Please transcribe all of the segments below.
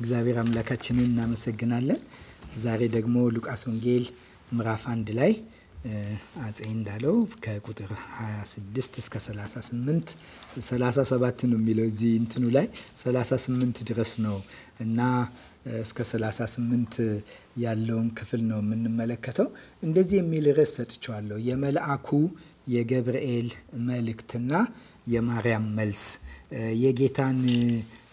እግዚአብሔር አምላካችንን እናመሰግናለን። ዛሬ ደግሞ ሉቃስ ወንጌል ምዕራፍ አንድ ላይ አጼ እንዳለው ከቁጥር 26 እስከ 38 37 ነው የሚለው እዚህ እንትኑ ላይ 38 ድረስ ነው እና እስከ 38 ያለውን ክፍል ነው የምንመለከተው። እንደዚህ የሚል ርዕስ ሰጥቸዋለሁ። የመልአኩ የገብርኤል መልእክትና የማርያም መልስ የጌታን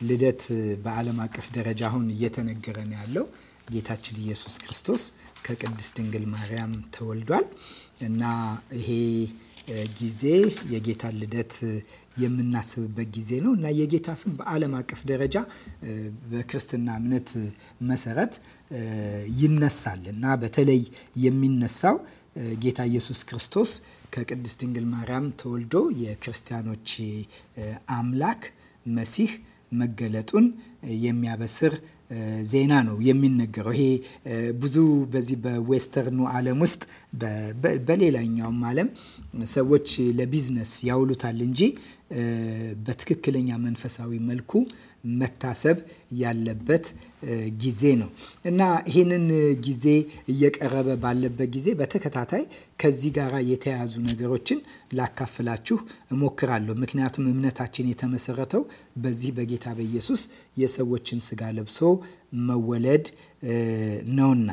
ልደት በዓለም አቀፍ ደረጃ አሁን እየተነገረ ነው ያለው። ጌታችን ኢየሱስ ክርስቶስ ከቅድስት ድንግል ማርያም ተወልዷል እና ይሄ ጊዜ የጌታን ልደት የምናስብበት ጊዜ ነው እና የጌታ ስም በዓለም አቀፍ ደረጃ በክርስትና እምነት መሰረት ይነሳል እና በተለይ የሚነሳው ጌታ ኢየሱስ ክርስቶስ ከቅድስት ድንግል ማርያም ተወልዶ የክርስቲያኖች አምላክ መሲህ መገለጡን የሚያበስር ዜና ነው የሚነገረው። ይሄ ብዙ በዚህ በዌስተርኑ ዓለም ውስጥ በሌላኛውም ዓለም ሰዎች ለቢዝነስ ያውሉታል እንጂ በትክክለኛ መንፈሳዊ መልኩ መታሰብ ያለበት ጊዜ ነው እና ይህንን ጊዜ እየቀረበ ባለበት ጊዜ በተከታታይ ከዚህ ጋር የተያያዙ ነገሮችን ላካፍላችሁ እሞክራለሁ። ምክንያቱም እምነታችን የተመሰረተው በዚህ በጌታ በኢየሱስ የሰዎችን ስጋ ለብሶ መወለድ ነውና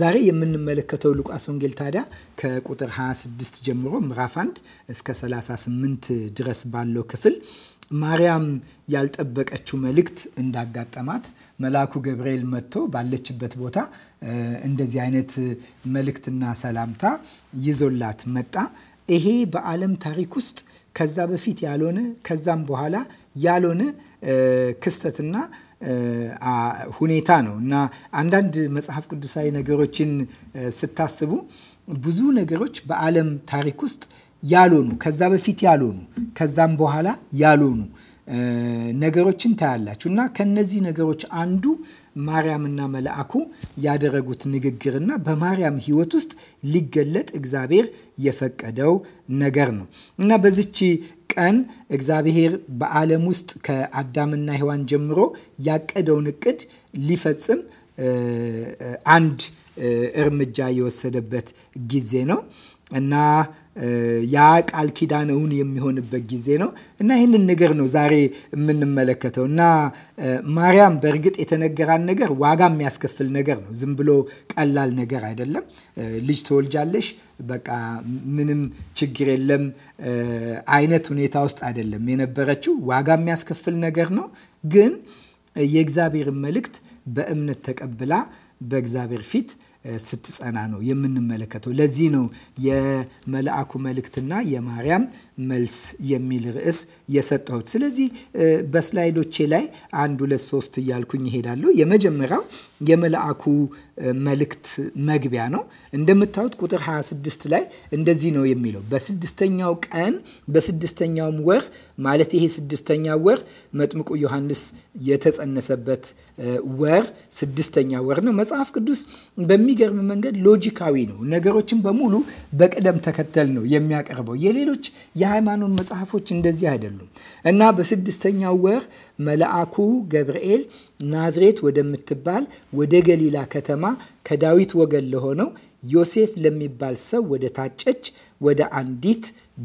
ዛሬ የምንመለከተው ሉቃስ ወንጌል ታዲያ ከቁጥር 26 ጀምሮ ምዕራፍ 1 እስከ 38 ድረስ ባለው ክፍል ማርያም ያልጠበቀችው መልእክት እንዳጋጠማት መልአኩ ገብርኤል መጥቶ ባለችበት ቦታ እንደዚህ አይነት መልእክትና ሰላምታ ይዞላት መጣ። ይሄ በዓለም ታሪክ ውስጥ ከዛ በፊት ያልሆነ ከዛም በኋላ ያልሆነ ክስተትና ሁኔታ ነው እና አንዳንድ መጽሐፍ ቅዱሳዊ ነገሮችን ስታስቡ ብዙ ነገሮች በዓለም ታሪክ ውስጥ ያልሆኑ ከዛ በፊት ያልሆኑ ከዛም በኋላ ያልሆኑ ነገሮችን ታያላችሁ እና ከነዚህ ነገሮች አንዱ ማርያምና መልአኩ ያደረጉት ንግግርና በማርያም ሕይወት ውስጥ ሊገለጥ እግዚአብሔር የፈቀደው ነገር ነው እና በዚች ቀን እግዚአብሔር በዓለም ውስጥ ከአዳምና ሔዋን ጀምሮ ያቀደውን እቅድ ሊፈጽም አንድ እርምጃ የወሰደበት ጊዜ ነው እና ያ ቃል ኪዳን እውን የሚሆንበት ጊዜ ነው እና ይህንን ነገር ነው ዛሬ የምንመለከተው እና ማርያም በእርግጥ የተነገራን ነገር ዋጋ የሚያስከፍል ነገር ነው። ዝም ብሎ ቀላል ነገር አይደለም። ልጅ ትወልጃለሽ፣ በቃ ምንም ችግር የለም አይነት ሁኔታ ውስጥ አይደለም የነበረችው። ዋጋ የሚያስከፍል ነገር ነው። ግን የእግዚአብሔርን መልእክት በእምነት ተቀብላ በእግዚአብሔር ፊት ስትጸና ነው የምንመለከተው። ለዚህ ነው የመልአኩ መልእክትና የማርያም መልስ የሚል ርዕስ የሰጠሁት። ስለዚህ በስላይዶቼ ላይ አንድ ሁለት ሶስት እያልኩኝ ይሄዳለሁ። የመጀመሪያው የመልአኩ መልእክት መግቢያ ነው። እንደምታዩት ቁጥር 26 ላይ እንደዚህ ነው የሚለው በስድስተኛው ቀን በስድስተኛውም ወር ማለት ይሄ ስድስተኛ ወር መጥምቁ ዮሐንስ የተጸነሰበት ወር ስድስተኛ ወር ነው። መጽሐፍ ቅዱስ በሚገርም መንገድ ሎጂካዊ ነው። ነገሮችን በሙሉ በቅደም ተከተል ነው የሚያቀርበው። የሌሎች የሃይማኖት መጽሐፎች እንደዚህ አይደሉም እና በስድስተኛው ወር መልአኩ ገብርኤል ናዝሬት ወደምትባል ወደ ገሊላ ከተማ ከዳዊት ወገን ለሆነው ዮሴፍ ለሚባል ሰው ወደ ታጨች ወደ አንዲት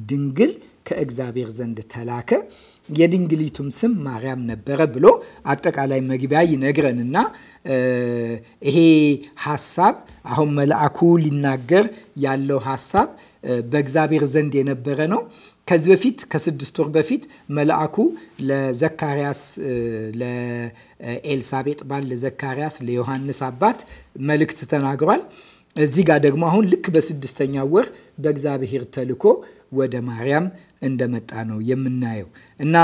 ድንግል ከእግዚአብሔር ዘንድ ተላከ። የድንግሊቱም ስም ማርያም ነበረ ብሎ አጠቃላይ መግቢያ ይነግረንና ይሄ ሀሳብ አሁን መልአኩ ሊናገር ያለው ሀሳብ በእግዚአብሔር ዘንድ የነበረ ነው። ከዚህ በፊት ከስድስት ወር በፊት መልአኩ ለዘካርያስ ለኤልሳቤጥ ባል ለዘካርያስ ለዮሐንስ አባት መልእክት ተናግሯል። እዚህ ጋር ደግሞ አሁን ልክ በስድስተኛ ወር በእግዚአብሔር ተልኮ ወደ ማርያም እንደመጣ ነው የምናየው እና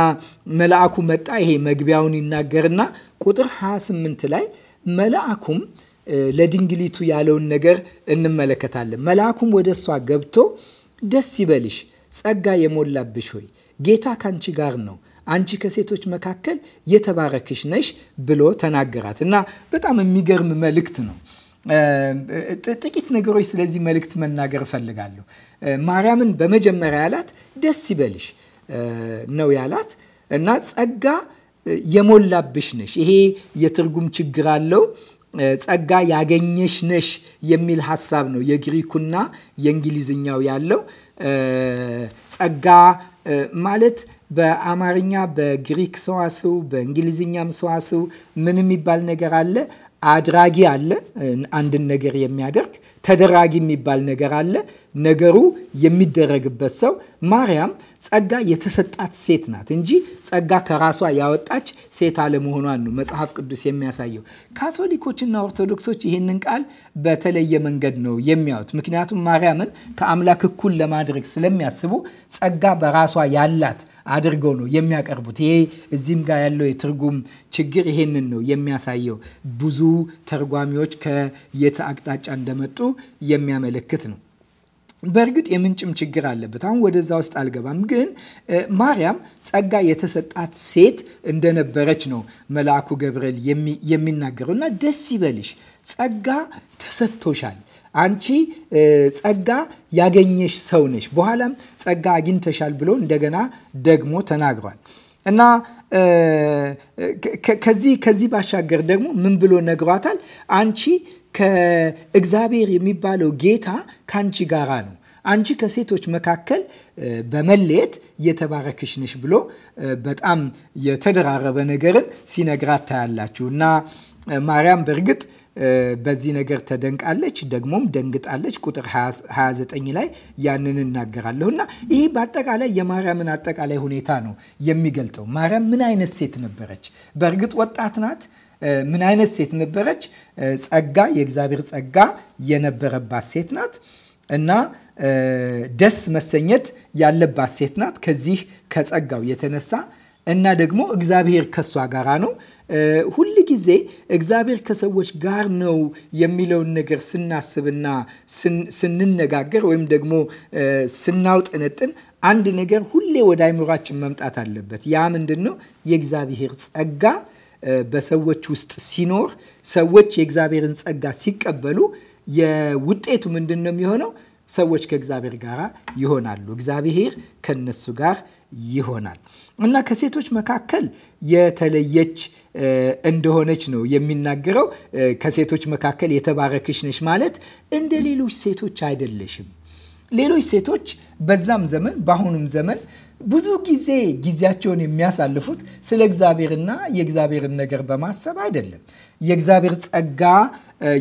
መልአኩ መጣ። ይሄ መግቢያውን ይናገርና ቁጥር 28 ላይ መልአኩም ለድንግሊቱ ያለውን ነገር እንመለከታለን። መልአኩም ወደ እሷ ገብቶ ደስ ይበልሽ፣ ጸጋ የሞላብሽ ሆይ ጌታ ከአንቺ ጋር ነው አንቺ ከሴቶች መካከል የተባረክሽ ነሽ ብሎ ተናገራት እና በጣም የሚገርም መልእክት ነው። ጥቂት ነገሮች ስለዚህ መልእክት መናገር እፈልጋለሁ። ማርያምን በመጀመሪያ ያላት ደስ ይበልሽ ነው ያላት እና ጸጋ የሞላብሽ ነሽ። ይሄ የትርጉም ችግር አለው። ጸጋ ያገኘሽ ነሽ የሚል ሀሳብ ነው የግሪኩና የእንግሊዝኛው ያለው። ጸጋ ማለት በአማርኛ በግሪክ ሰዋስው በእንግሊዝኛም ሰዋስው ምን የሚባል ነገር አለ? አድራጊ አለ፣ አንድን ነገር የሚያደርግ ተደራጊ የሚባል ነገር አለ፣ ነገሩ የሚደረግበት ሰው። ማርያም ጸጋ የተሰጣት ሴት ናት እንጂ ጸጋ ከራሷ ያወጣች ሴት አለመሆኗን ነው መጽሐፍ ቅዱስ የሚያሳየው። ካቶሊኮችና ኦርቶዶክሶች ይህንን ቃል በተለየ መንገድ ነው የሚያዩት። ምክንያቱም ማርያምን ከአምላክ እኩል ለማድረግ ስለሚያስቡ ጸጋ በራሷ ያላት አድርገው ነው የሚያቀርቡት። ይሄ እዚህም ጋር ያለው የትርጉም ችግር ይሄንን ነው የሚያሳየው። ብዙ ተርጓሚዎች ከየት አቅጣጫ እንደመጡ የሚያመለክት ነው። በእርግጥ የምንጭም ችግር አለበት። አሁን ወደዛ ውስጥ አልገባም። ግን ማርያም ጸጋ የተሰጣት ሴት እንደነበረች ነው መልአኩ ገብርኤል የሚናገረው እና ደስ ይበልሽ ጸጋ ተሰጥቶሻል አንቺ ጸጋ ያገኘሽ ሰው ነሽ፣ በኋላም ጸጋ አግኝተሻል ብሎ እንደገና ደግሞ ተናግሯል። እና ከዚህ ከዚህ ባሻገር ደግሞ ምን ብሎ ነግሯታል? አንቺ ከእግዚአብሔር የሚባለው ጌታ ከአንቺ ጋራ ነው አንቺ ከሴቶች መካከል በመለየት የተባረክሽ ነሽ ብሎ በጣም የተደራረበ ነገርን ሲነግራት ታያላችሁ እና ማርያም በእርግጥ በዚህ ነገር ተደንቃለች፣ ደግሞም ደንግጣለች። ቁጥር 29 ላይ ያንን እናገራለሁ እና ይህ በአጠቃላይ የማርያምን አጠቃላይ ሁኔታ ነው የሚገልጠው። ማርያም ምን አይነት ሴት ነበረች? በእርግጥ ወጣት ናት። ምን አይነት ሴት ነበረች? ጸጋ፣ የእግዚአብሔር ጸጋ የነበረባት ሴት ናት። እና ደስ መሰኘት ያለባት ሴት ናት ከዚህ ከጸጋው የተነሳ እና ደግሞ እግዚአብሔር ከእሷ ጋር ነው። ሁል ጊዜ እግዚአብሔር ከሰዎች ጋር ነው የሚለውን ነገር ስናስብና ስንነጋገር ወይም ደግሞ ስናውጠነጥን አንድ ነገር ሁሌ ወደ አይምሯችን መምጣት አለበት። ያ ምንድን ነው? የእግዚአብሔር ጸጋ በሰዎች ውስጥ ሲኖር ሰዎች የእግዚአብሔርን ጸጋ ሲቀበሉ የውጤቱ ምንድን ነው የሚሆነው? ሰዎች ከእግዚአብሔር ጋር ይሆናሉ። እግዚአብሔር ከነሱ ጋር ይሆናል እና ከሴቶች መካከል የተለየች እንደሆነች ነው የሚናገረው። ከሴቶች መካከል የተባረክሽ ነሽ ማለት እንደ ሌሎች ሴቶች አይደለሽም። ሌሎች ሴቶች በዛም ዘመን በአሁኑም ዘመን ብዙ ጊዜ ጊዜያቸውን የሚያሳልፉት ስለ እግዚአብሔርና የእግዚአብሔርን ነገር በማሰብ አይደለም። የእግዚአብሔር ጸጋ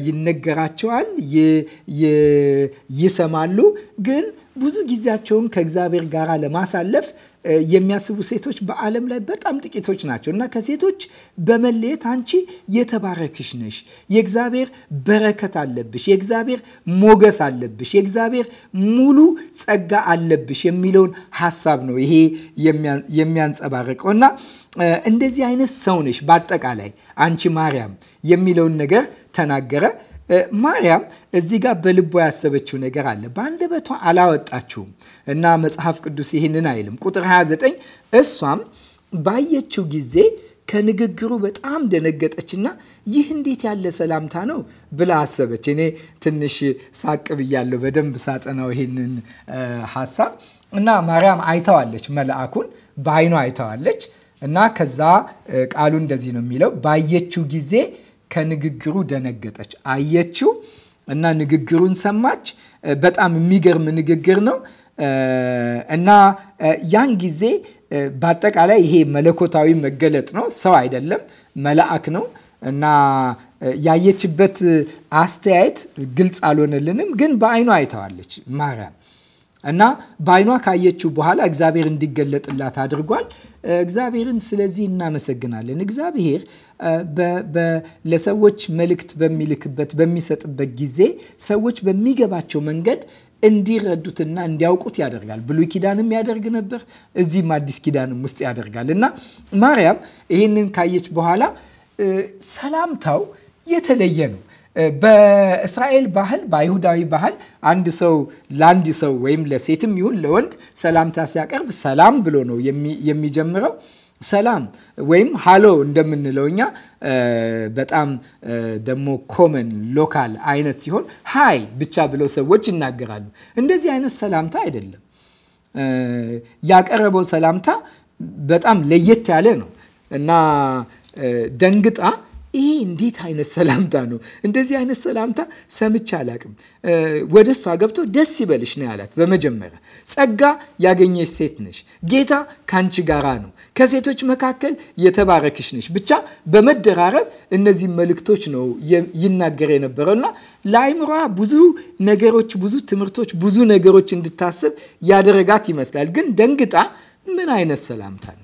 ይነገራቸዋል፣ ይሰማሉ። ግን ብዙ ጊዜያቸውን ከእግዚአብሔር ጋር ለማሳለፍ የሚያስቡ ሴቶች በዓለም ላይ በጣም ጥቂቶች ናቸው እና ከሴቶች በመለየት አንቺ የተባረክሽ ነሽ፣ የእግዚአብሔር በረከት አለብሽ፣ የእግዚአብሔር ሞገስ አለብሽ፣ የእግዚአብሔር ሙሉ ጸጋ አለብሽ የሚለውን ሀሳብ ነው ይሄ የሚያንጸባርቀው እና እንደዚህ አይነት ሰው ነሽ በአጠቃላይ አንቺ ማርያም የሚለውን ነገር ተናገረ። ማርያም እዚህ ጋር በልቧ ያሰበችው ነገር አለ። በአንደበቷ አላወጣችውም እና መጽሐፍ ቅዱስ ይህንን አይልም። ቁጥር 29 እሷም ባየችው ጊዜ ከንግግሩ በጣም ደነገጠችና ይህ እንዴት ያለ ሰላምታ ነው ብላ አሰበች። እኔ ትንሽ ሳቅ ብያለሁ በደንብ ሳጠናው ይህንን ሀሳብ እና ማርያም አይተዋለች፣ መልአኩን በአይኗ አይተዋለች። እና ከዛ ቃሉ እንደዚህ ነው የሚለው ባየችው ጊዜ ከንግግሩ ደነገጠች። አየችው እና ንግግሩን ሰማች። በጣም የሚገርም ንግግር ነው እና ያን ጊዜ በአጠቃላይ ይሄ መለኮታዊ መገለጥ ነው። ሰው አይደለም መልአክ ነው እና ያየችበት አስተያየት ግልጽ አልሆነልንም፣ ግን በአይኑ አይተዋለች ማርያም እና በአይኗ ካየችው በኋላ እግዚአብሔር እንዲገለጥላት አድርጓል። እግዚአብሔርን ስለዚህ እናመሰግናለን። እግዚአብሔር ለሰዎች መልእክት በሚልክበት በሚሰጥበት ጊዜ ሰዎች በሚገባቸው መንገድ እንዲረዱትና እንዲያውቁት ያደርጋል። ብሉይ ኪዳንም ያደርግ ነበር፣ እዚህም አዲስ ኪዳንም ውስጥ ያደርጋል እና ማርያም ይህንን ካየች በኋላ ሰላምታው የተለየ ነው። በእስራኤል ባህል በአይሁዳዊ ባህል አንድ ሰው ለአንድ ሰው ወይም ለሴትም ይሁን ለወንድ ሰላምታ ሲያቀርብ ሰላም ብሎ ነው የሚጀምረው። ሰላም ወይም ሃሎ እንደምንለው እኛ በጣም ደግሞ ኮመን ሎካል አይነት ሲሆን ሀይ ብቻ ብለው ሰዎች ይናገራሉ። እንደዚህ አይነት ሰላምታ አይደለም። ያቀረበው ሰላምታ በጣም ለየት ያለ ነው እና ደንግጣ ይሄ እንዴት አይነት ሰላምታ ነው? እንደዚህ አይነት ሰላምታ ሰምቼ አላቅም። ወደ እሷ ገብቶ ደስ ይበልሽ ነው ያላት። በመጀመሪያ ጸጋ ያገኘሽ ሴት ነሽ፣ ጌታ ካንቺ ጋራ ነው፣ ከሴቶች መካከል የተባረክሽ ነሽ። ብቻ በመደራረብ እነዚህ መልእክቶች ነው ይናገር የነበረው እና ለአይምሯ ብዙ ነገሮች፣ ብዙ ትምህርቶች፣ ብዙ ነገሮች እንድታስብ ያደረጋት ይመስላል። ግን ደንግጣ ምን አይነት ሰላምታ ነው?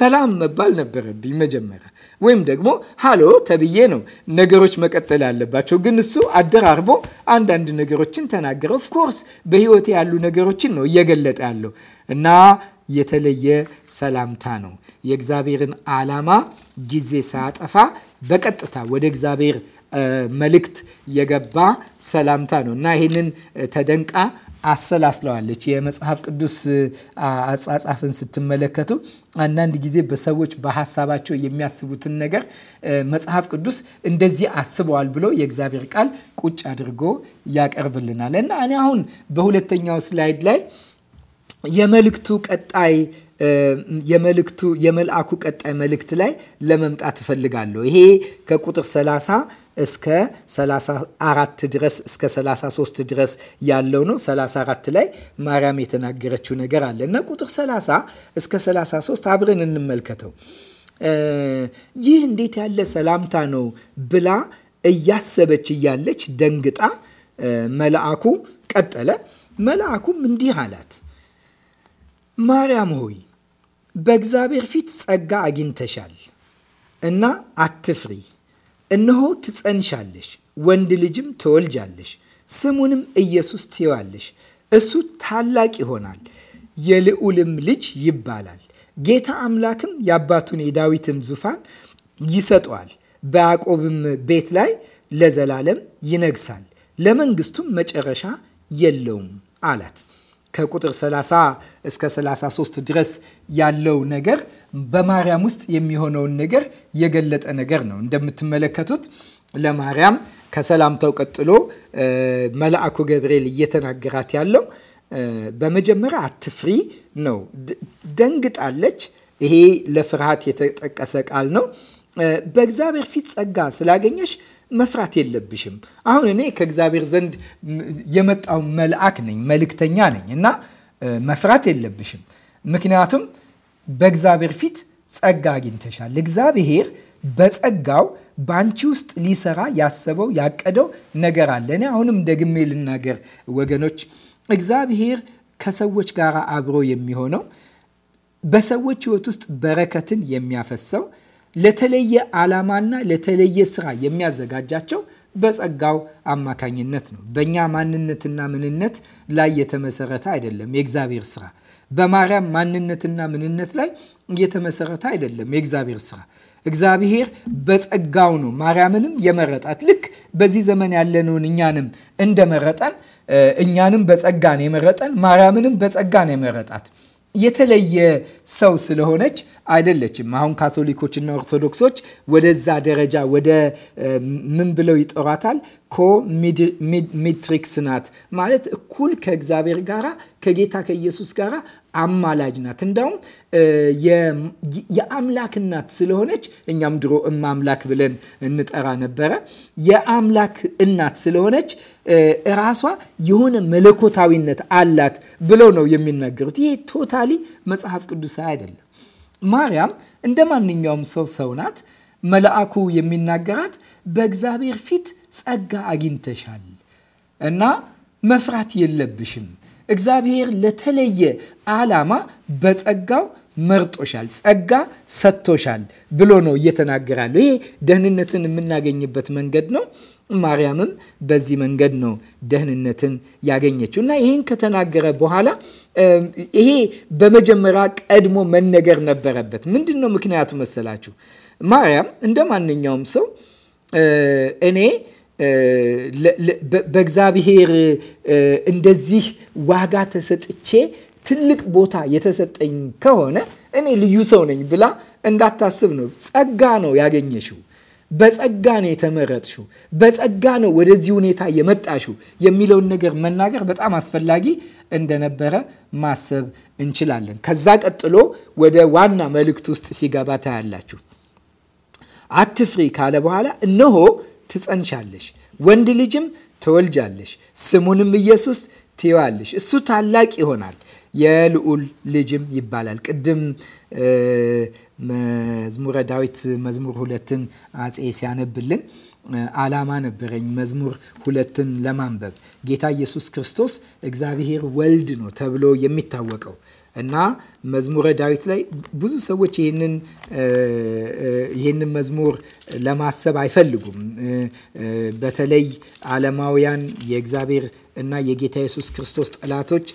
ሰላም መባል ነበረብኝ መጀመሪያ ወይም ደግሞ ሃሎ ተብዬ ነው ነገሮች መቀጠል ያለባቸው። ግን እሱ አደራርቦ አንዳንድ ነገሮችን ተናገረ። ኦፍኮርስ በህይወት ያሉ ነገሮችን ነው እየገለጠ ያለው እና የተለየ ሰላምታ ነው። የእግዚአብሔርን ዓላማ ጊዜ ሳያጠፋ በቀጥታ ወደ እግዚአብሔር መልእክት የገባ ሰላምታ ነው እና ይህንን ተደንቃ አሰላስለዋለች። የመጽሐፍ ቅዱስ አጻጻፍን ስትመለከቱ አንዳንድ ጊዜ በሰዎች በሀሳባቸው የሚያስቡትን ነገር መጽሐፍ ቅዱስ እንደዚህ አስበዋል ብሎ የእግዚአብሔር ቃል ቁጭ አድርጎ ያቀርብልናል እና እኔ አሁን በሁለተኛው ስላይድ ላይ የመልእክቱ ቀጣይ የመልእክቱ የመልአኩ ቀጣይ መልእክት ላይ ለመምጣት እፈልጋለሁ። ይሄ ከቁጥር 30 እስከ 34 ድረስ እስከ 33 ድረስ ያለው ነው። 34 ላይ ማርያም የተናገረችው ነገር አለ እና ቁጥር 30 እስከ 33 አብረን እንመልከተው። ይህ እንዴት ያለ ሰላምታ ነው ብላ እያሰበች እያለች ደንግጣ መልአኩ ቀጠለ። መልአኩም እንዲህ አላት፣ ማርያም ሆይ በእግዚአብሔር ፊት ጸጋ አግኝተሻል እና አትፍሪ። እነሆ ትጸንሻለሽ፣ ወንድ ልጅም ትወልጃለሽ፣ ስሙንም ኢየሱስ ትይዋለሽ። እሱ ታላቅ ይሆናል፣ የልዑልም ልጅ ይባላል። ጌታ አምላክም የአባቱን የዳዊትን ዙፋን ይሰጠዋል፣ በያዕቆብም ቤት ላይ ለዘላለም ይነግሳል፣ ለመንግስቱም መጨረሻ የለውም አላት። ከቁጥር 30 እስከ 33 ድረስ ያለው ነገር በማርያም ውስጥ የሚሆነውን ነገር የገለጠ ነገር ነው። እንደምትመለከቱት ለማርያም ከሰላምታው ቀጥሎ መልአኩ ገብርኤል እየተናገራት ያለው በመጀመሪያ አትፍሪ ነው። ደንግጣለች። ይሄ ለፍርሃት የተጠቀሰ ቃል ነው። በእግዚአብሔር ፊት ጸጋ ስላገኘሽ መፍራት የለብሽም። አሁን እኔ ከእግዚአብሔር ዘንድ የመጣው መልአክ ነኝ፣ መልእክተኛ ነኝ እና መፍራት የለብሽም። ምክንያቱም በእግዚአብሔር ፊት ጸጋ አግኝተሻል። እግዚአብሔር በጸጋው በአንቺ ውስጥ ሊሰራ ያሰበው ያቀደው ነገር አለ። እኔ አሁንም ደግሜ ልናገር ወገኖች፣ እግዚአብሔር ከሰዎች ጋር አብሮ የሚሆነው በሰዎች ሕይወት ውስጥ በረከትን የሚያፈሰው ለተለየ ዓላማና ለተለየ ስራ የሚያዘጋጃቸው በጸጋው አማካኝነት ነው። በእኛ ማንነትና ምንነት ላይ የተመሰረተ አይደለም የእግዚአብሔር ስራ። በማርያም ማንነትና ምንነት ላይ የተመሰረተ አይደለም የእግዚአብሔር ስራ። እግዚአብሔር በጸጋው ነው ማርያምንም የመረጣት። ልክ በዚህ ዘመን ያለነውን እኛንም እንደመረጠን እኛንም በጸጋ ነው የመረጠን፣ ማርያምንም በጸጋ ነው የመረጣት። የተለየ ሰው ስለሆነች አይደለችም። አሁን ካቶሊኮችና ኦርቶዶክሶች ወደዛ ደረጃ ወደ ምን ብለው ይጠሯታል? ኮ ሚትሪክስ ናት ማለት እኩል ከእግዚአብሔር ጋራ ከጌታ ከኢየሱስ ጋር አማላጅ ናት። እንዳውም የአምላክ እናት ስለሆነች እኛም ድሮ እማምላክ ብለን እንጠራ ነበረ። የአምላክ እናት ስለሆነች እራሷ የሆነ መለኮታዊነት አላት ብለው ነው የሚናገሩት። ይሄ ቶታሊ መጽሐፍ ቅዱሳዊ አይደለም። ማርያም እንደ ማንኛውም ሰው ሰው ናት። መልአኩ የሚናገራት በእግዚአብሔር ፊት ጸጋ አግኝተሻል እና መፍራት የለብሽም። እግዚአብሔር ለተለየ ዓላማ በጸጋው መርጦሻል፣ ጸጋ ሰጥቶሻል ብሎ ነው እየተናገራለሁ። ይሄ ደህንነትን የምናገኝበት መንገድ ነው። ማርያምም በዚህ መንገድ ነው ደህንነትን ያገኘችው እና ይህን ከተናገረ በኋላ ይሄ በመጀመሪያ ቀድሞ መነገር ነበረበት። ምንድን ነው ምክንያቱ መሰላችሁ? ማርያም እንደ ማንኛውም ሰው እኔ በእግዚአብሔር እንደዚህ ዋጋ ተሰጥቼ ትልቅ ቦታ የተሰጠኝ ከሆነ እኔ ልዩ ሰው ነኝ ብላ እንዳታስብ ነው። ጸጋ ነው ያገኘሽው። በጸጋ ነው የተመረጥሽው፣ በጸጋ ነው ወደዚህ ሁኔታ የመጣሹ የሚለውን ነገር መናገር በጣም አስፈላጊ እንደነበረ ማሰብ እንችላለን። ከዛ ቀጥሎ ወደ ዋና መልእክት ውስጥ ሲገባ ታያላችሁ። አትፍሪ ካለ በኋላ እነሆ ትጸንሻለሽ፣ ወንድ ልጅም ትወልጃለሽ፣ ስሙንም ኢየሱስ ትይዋለሽ። እሱ ታላቅ ይሆናል፣ የልዑል ልጅም ይባላል። ቅድም መዝሙረ ዳዊት መዝሙር ሁለትን አጼ ሲያነብልን ዓላማ ነበረኝ መዝሙር ሁለትን ለማንበብ ጌታ ኢየሱስ ክርስቶስ እግዚአብሔር ወልድ ነው ተብሎ የሚታወቀው እና መዝሙረ ዳዊት ላይ ብዙ ሰዎች ይህንን መዝሙር ለማሰብ አይፈልጉም። በተለይ ዓለማውያን የእግዚአብሔር እና የጌታ ኢየሱስ ክርስቶስ ጠላቶች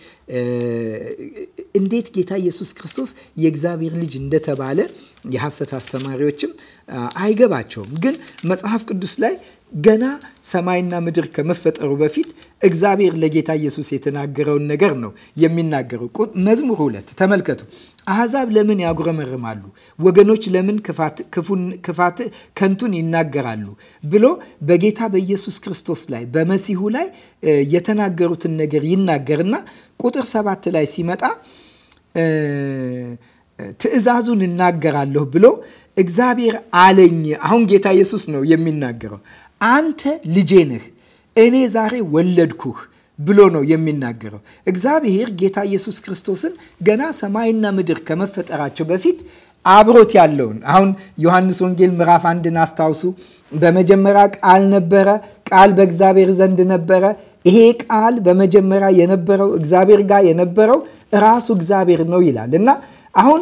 እንዴት ጌታ ኢየሱስ ክርስቶስ የእግዚአብሔር ልጅ እንደተባለ የሐሰት አስተማሪዎችም አይገባቸውም። ግን መጽሐፍ ቅዱስ ላይ ገና ሰማይና ምድር ከመፈጠሩ በፊት እግዚአብሔር ለጌታ ኢየሱስ የተናገረውን ነገር ነው የሚናገረው። መዝሙር ሁለት ተመልከቱ። አሕዛብ ለምን ያጉረመርማሉ? ወገኖች ለምን ክፋት ከንቱን ይናገራሉ? ብሎ በጌታ በኢየሱስ ክርስቶስ ላይ በመሲሁ ላይ የተናገሩትን ነገር ይናገርና ቁጥር ሰባት ላይ ሲመጣ ትእዛዙን እናገራለሁ ብሎ እግዚአብሔር አለኝ። አሁን ጌታ ኢየሱስ ነው የሚናገረው አንተ ልጄ ነህ፣ እኔ ዛሬ ወለድኩህ ብሎ ነው የሚናገረው። እግዚአብሔር ጌታ ኢየሱስ ክርስቶስን ገና ሰማይና ምድር ከመፈጠራቸው በፊት አብሮት ያለውን አሁን ዮሐንስ ወንጌል ምዕራፍ አንድን አስታውሱ። በመጀመሪያ ቃል ነበረ፣ ቃል በእግዚአብሔር ዘንድ ነበረ። ይሄ ቃል በመጀመሪያ የነበረው እግዚአብሔር ጋር የነበረው ራሱ እግዚአብሔር ነው ይላል እና አሁን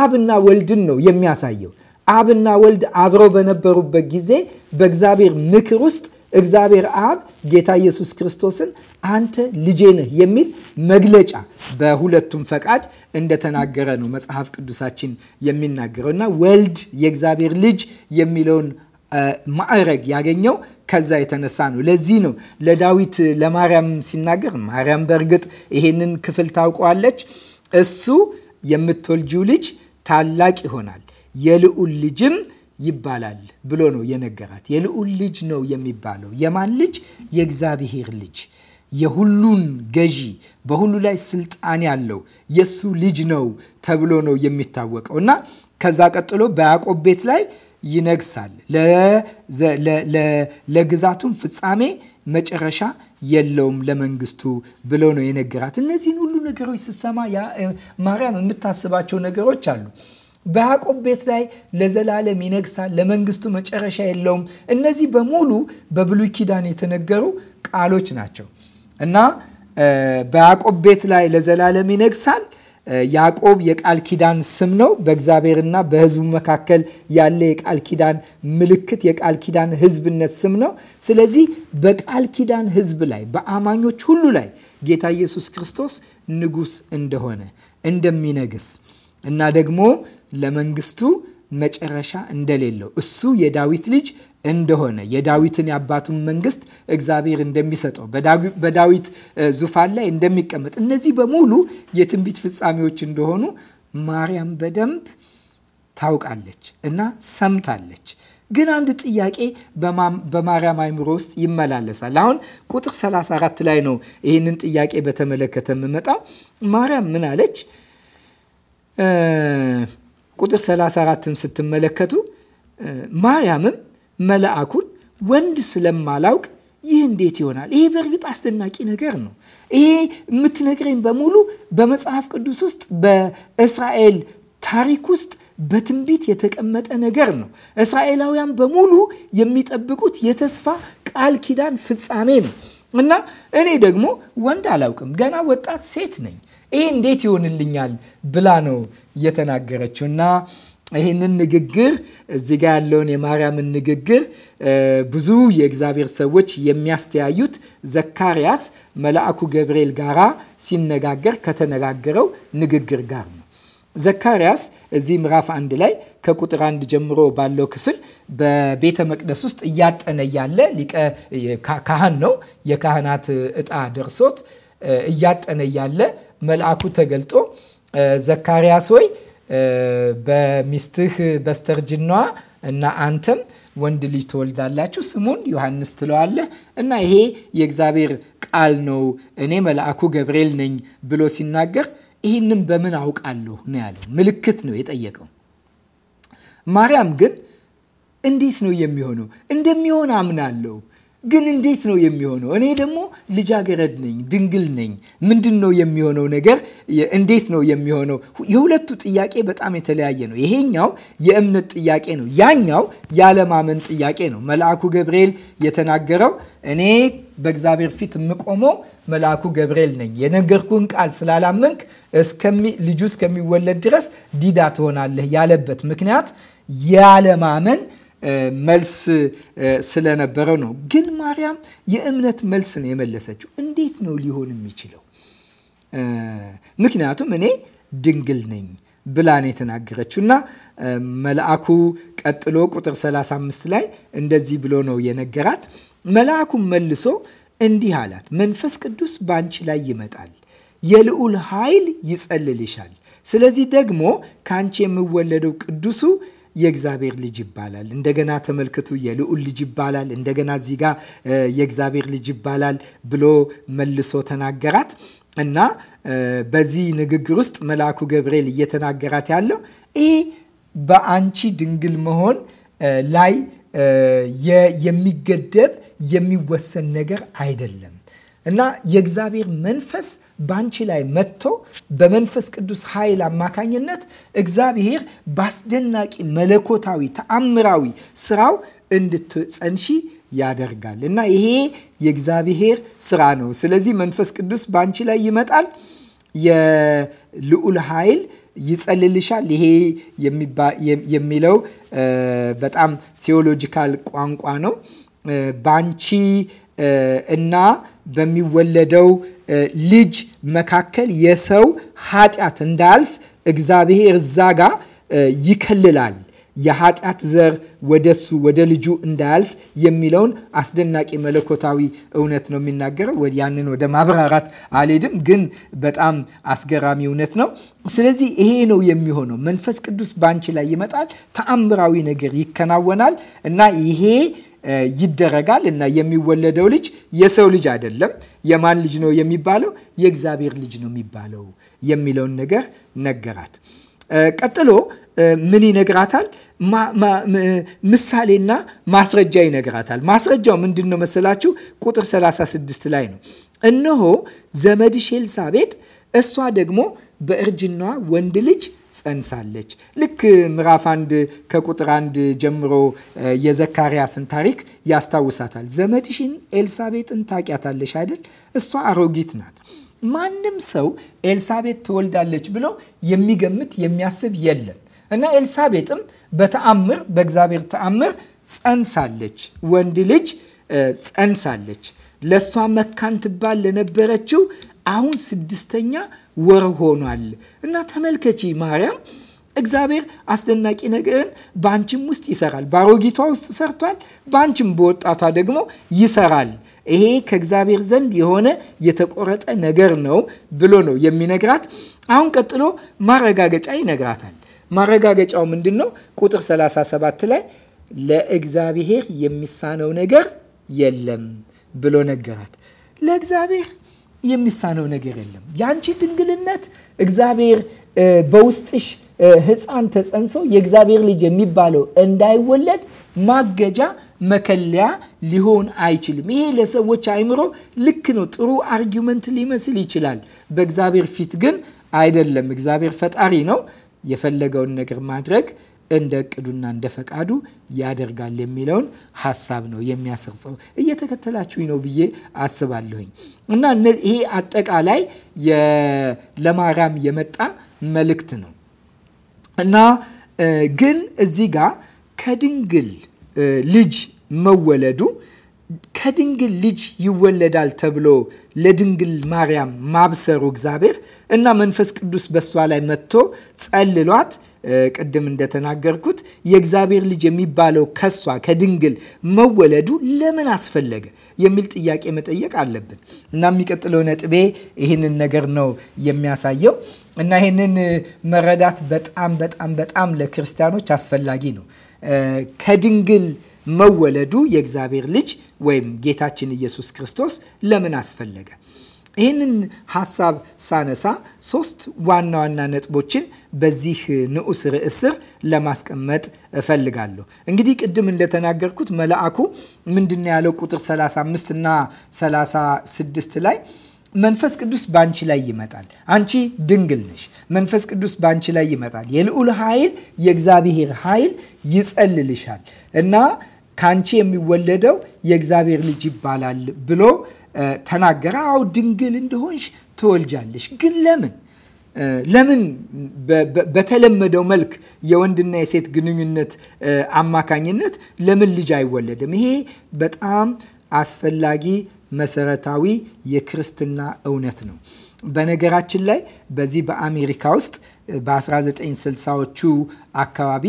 አብና ወልድን ነው የሚያሳየው አብና ወልድ አብረው በነበሩበት ጊዜ በእግዚአብሔር ምክር ውስጥ እግዚአብሔር አብ ጌታ ኢየሱስ ክርስቶስን አንተ ልጄ ነህ የሚል መግለጫ በሁለቱም ፈቃድ እንደተናገረ ነው መጽሐፍ ቅዱሳችን የሚናገረው እና ወልድ የእግዚአብሔር ልጅ የሚለውን ማዕረግ ያገኘው ከዛ የተነሳ ነው። ለዚህ ነው ለዳዊት ለማርያም ሲናገር ማርያም በእርግጥ ይሄንን ክፍል ታውቀዋለች። እሱ የምትወልጂው ልጅ ታላቅ ይሆናል የልዑል ልጅም ይባላል ብሎ ነው የነገራት። የልዑል ልጅ ነው የሚባለው የማን ልጅ? የእግዚአብሔር ልጅ የሁሉን ገዢ በሁሉ ላይ ስልጣን ያለው የእሱ ልጅ ነው ተብሎ ነው የሚታወቀው እና ከዛ ቀጥሎ በያዕቆብ ቤት ላይ ይነግሳል። ለግዛቱም ፍጻሜ መጨረሻ የለውም ለመንግስቱ ብሎ ነው የነገራት። እነዚህን ሁሉ ነገሮች ስሰማ ማርያም የምታስባቸው ነገሮች አሉ። በያዕቆብ ቤት ላይ ለዘላለም ይነግሳል፣ ለመንግስቱ መጨረሻ የለውም። እነዚህ በሙሉ በብሉይ ኪዳን የተነገሩ ቃሎች ናቸው እና በያዕቆብ ቤት ላይ ለዘላለም ይነግሳል። ያዕቆብ የቃል ኪዳን ስም ነው። በእግዚአብሔርና በሕዝቡ መካከል ያለ የቃል ኪዳን ምልክት፣ የቃል ኪዳን ሕዝብነት ስም ነው። ስለዚህ በቃል ኪዳን ሕዝብ ላይ በአማኞች ሁሉ ላይ ጌታ ኢየሱስ ክርስቶስ ንጉስ እንደሆነ እንደሚነግስ እና ደግሞ ለመንግስቱ መጨረሻ እንደሌለው እሱ የዳዊት ልጅ እንደሆነ የዳዊትን የአባቱን መንግስት እግዚአብሔር እንደሚሰጠው በዳዊት ዙፋን ላይ እንደሚቀመጥ እነዚህ በሙሉ የትንቢት ፍጻሜዎች እንደሆኑ ማርያም በደንብ ታውቃለች እና ሰምታለች። ግን አንድ ጥያቄ በማርያም አይምሮ ውስጥ ይመላለሳል። አሁን ቁጥር 34 ላይ ነው ይህንን ጥያቄ በተመለከተ የምመጣው። ማርያም ምን አለች? ቁጥር 34ን ስትመለከቱ ማርያምም መልአኩን ወንድ ስለማላውቅ ይህ እንዴት ይሆናል? ይሄ በእርግጥ አስደናቂ ነገር ነው። ይሄ የምትነግረኝ በሙሉ በመጽሐፍ ቅዱስ ውስጥ በእስራኤል ታሪክ ውስጥ በትንቢት የተቀመጠ ነገር ነው። እስራኤላውያን በሙሉ የሚጠብቁት የተስፋ ቃል ኪዳን ፍጻሜ ነው እና እኔ ደግሞ ወንድ አላውቅም፣ ገና ወጣት ሴት ነኝ ይሄ እንዴት ይሆንልኛል ብላ ነው እየተናገረችው እና ይህንን ንግግር እዚህ ጋ ያለውን የማርያምን ንግግር ብዙ የእግዚአብሔር ሰዎች የሚያስተያዩት ዘካርያስ መልአኩ ገብርኤል ጋራ ሲነጋገር ከተነጋገረው ንግግር ጋር ነው። ዘካርያስ እዚህ ምዕራፍ አንድ ላይ ከቁጥር አንድ ጀምሮ ባለው ክፍል በቤተ መቅደስ ውስጥ እያጠነ ያለ ካህን ነው። የካህናት እጣ ደርሶት እያጠነ ያለ መልአኩ ተገልጦ ዘካርያስ ሆይ በሚስትህ በስተርጅናዋ እና አንተም ወንድ ልጅ ትወልዳላችሁ፣ ስሙን ዮሐንስ ትለዋለህ እና ይሄ የእግዚአብሔር ቃል ነው፣ እኔ መልአኩ ገብርኤል ነኝ ብሎ ሲናገር ይህንም በምን አውቃለሁ ነው ያለው። ምልክት ነው የጠየቀው። ማርያም ግን እንዴት ነው የሚሆነው? እንደሚሆን አምናለሁ ግን እንዴት ነው የሚሆነው? እኔ ደግሞ ልጃገረድ ነኝ፣ ድንግል ነኝ። ምንድን ነው የሚሆነው ነገር? እንዴት ነው የሚሆነው? የሁለቱ ጥያቄ በጣም የተለያየ ነው። ይሄኛው የእምነት ጥያቄ ነው፣ ያኛው ያለማመን ጥያቄ ነው። መልአኩ ገብርኤል የተናገረው እኔ በእግዚአብሔር ፊት የምቆመው መልአኩ ገብርኤል ነኝ። የነገርኩን ቃል ስላላመንክ ልጁ እስከሚወለድ ድረስ ዲዳ ትሆናለህ ያለበት ምክንያት ያለማመን መልስ ስለነበረው ነው። ግን ማርያም የእምነት መልስ ነው የመለሰችው። እንዴት ነው ሊሆን የሚችለው? ምክንያቱም እኔ ድንግል ነኝ ብላን የተናገረችው እና መልአኩ ቀጥሎ ቁጥር 35 ላይ እንደዚህ ብሎ ነው የነገራት። መልአኩም መልሶ እንዲህ አላት፣ መንፈስ ቅዱስ በአንቺ ላይ ይመጣል፣ የልዑል ኃይል ይጸልልሻል። ስለዚህ ደግሞ ከአንቺ የሚወለደው ቅዱሱ የእግዚአብሔር ልጅ ይባላል። እንደገና ተመልክቱ፣ የልዑል ልጅ ይባላል። እንደገና እዚህ ጋ የእግዚአብሔር ልጅ ይባላል ብሎ መልሶ ተናገራት እና በዚህ ንግግር ውስጥ መልአኩ ገብርኤል እየተናገራት ያለው ይህ በአንቺ ድንግል መሆን ላይ የሚገደብ የሚወሰን ነገር አይደለም እና የእግዚአብሔር መንፈስ ባንቺ ላይ መጥቶ በመንፈስ ቅዱስ ኃይል አማካኝነት እግዚአብሔር በአስደናቂ መለኮታዊ ተአምራዊ ስራው እንድትጸንሺ ያደርጋል እና ይሄ የእግዚአብሔር ስራ ነው። ስለዚህ መንፈስ ቅዱስ ባንቺ ላይ ይመጣል። የልዑል ኃይል ይጸልልሻል። ይሄ የሚለው በጣም ቴዎሎጂካል ቋንቋ ነው። ባንቺ እና በሚወለደው ልጅ መካከል የሰው ኃጢአት እንዳልፍ እግዚአብሔር እዛ ጋ ይከልላል። የኃጢአት ዘር ወደሱ ወደ ልጁ እንዳያልፍ የሚለውን አስደናቂ መለኮታዊ እውነት ነው የሚናገረው። ያንን ወደ ማብራራት አልሄድም፣ ግን በጣም አስገራሚ እውነት ነው። ስለዚህ ይሄ ነው የሚሆነው። መንፈስ ቅዱስ በአንቺ ላይ ይመጣል፣ ተአምራዊ ነገር ይከናወናል እና ይሄ ይደረጋል እና የሚወለደው ልጅ የሰው ልጅ አይደለም። የማን ልጅ ነው የሚባለው? የእግዚአብሔር ልጅ ነው የሚባለው የሚለውን ነገር ነገራት። ቀጥሎ ምን ይነግራታል? ምሳሌና ማስረጃ ይነግራታል። ማስረጃው ምንድን ነው መሰላችሁ? ቁጥር 36 ላይ ነው። እነሆ ዘመድሽ ኤልሳቤጥ፣ እሷ ደግሞ በእርጅናዋ ወንድ ልጅ ጸንሳለች። ልክ ምዕራፍ አንድ ከቁጥር አንድ ጀምሮ የዘካርያስን ታሪክ ያስታውሳታል። ዘመድሽን ኤልሳቤጥን ታውቂያታለሽ አይደል? እሷ አሮጊት ናት። ማንም ሰው ኤልሳቤጥ ትወልዳለች ብሎ የሚገምት የሚያስብ የለም እና ኤልሳቤጥም በተአምር በእግዚአብሔር ተአምር ጸንሳለች። ወንድ ልጅ ጸንሳለች። ለእሷ መካን ትባል ለነበረችው አሁን ስድስተኛ ወር ሆኗል እና ተመልከቺ ማርያም እግዚአብሔር አስደናቂ ነገርን በአንቺም ውስጥ ይሰራል። በአሮጊቷ ውስጥ ሰርቷል፣ በአንቺም በወጣቷ ደግሞ ይሰራል። ይሄ ከእግዚአብሔር ዘንድ የሆነ የተቆረጠ ነገር ነው ብሎ ነው የሚነግራት። አሁን ቀጥሎ ማረጋገጫ ይነግራታል። ማረጋገጫው ምንድን ነው? ቁጥር 37 ላይ ለእግዚአብሔር የሚሳነው ነገር የለም ብሎ ነገራት። ለእግዚአብሔር የሚሳነው ነገር የለም። ያንቺ ድንግልነት እግዚአብሔር በውስጥሽ ሕፃን ተጸንሶ የእግዚአብሔር ልጅ የሚባለው እንዳይወለድ ማገጃ መከለያ ሊሆን አይችልም። ይሄ ለሰዎች አይምሮ ልክ ነው፣ ጥሩ አርጊመንት ሊመስል ይችላል። በእግዚአብሔር ፊት ግን አይደለም። እግዚአብሔር ፈጣሪ ነው። የፈለገውን ነገር ማድረግ እንደ እቅዱና እንደ ፈቃዱ ያደርጋል የሚለውን ሀሳብ ነው የሚያሰርጸው። እየተከተላችሁኝ ነው ብዬ አስባለሁኝ። እና ይሄ አጠቃላይ ለማርያም የመጣ መልእክት ነው እና ግን እዚህ ጋር ከድንግል ልጅ መወለዱ ከድንግል ልጅ ይወለዳል ተብሎ ለድንግል ማርያም ማብሰሩ እግዚአብሔር እና መንፈስ ቅዱስ በሷ ላይ መጥቶ ጸልሏት ቅድም እንደተናገርኩት የእግዚአብሔር ልጅ የሚባለው ከሷ ከድንግል መወለዱ ለምን አስፈለገ የሚል ጥያቄ መጠየቅ አለብን እና የሚቀጥለው ነጥቤ ይህንን ነገር ነው የሚያሳየው እና ይህንን መረዳት በጣም በጣም በጣም ለክርስቲያኖች አስፈላጊ ነው ከድንግል መወለዱ የእግዚአብሔር ልጅ ወይም ጌታችን ኢየሱስ ክርስቶስ ለምን አስፈለገ? ይህንን ሀሳብ ሳነሳ ሶስት ዋና ዋና ነጥቦችን በዚህ ንዑስ ርዕስ ስር ለማስቀመጥ እፈልጋለሁ። እንግዲህ ቅድም እንደተናገርኩት መልአኩ ምንድን ያለው ቁጥር 35 እና 36 ላይ መንፈስ ቅዱስ በአንቺ ላይ ይመጣል። አንቺ ድንግል ነሽ። መንፈስ ቅዱስ በአንቺ ላይ ይመጣል። የልዑል ኃይል፣ የእግዚአብሔር ኃይል ይጸልልሻል እና ከአንቺ የሚወለደው የእግዚአብሔር ልጅ ይባላል ብሎ ተናገረ። አዎ ድንግል እንደሆንሽ ትወልጃለሽ። ግን ለምን ለምን በተለመደው መልክ የወንድና የሴት ግንኙነት አማካኝነት ለምን ልጅ አይወለድም? ይሄ በጣም አስፈላጊ መሰረታዊ የክርስትና እውነት ነው። በነገራችን ላይ በዚህ በአሜሪካ ውስጥ በ1960ዎቹ አካባቢ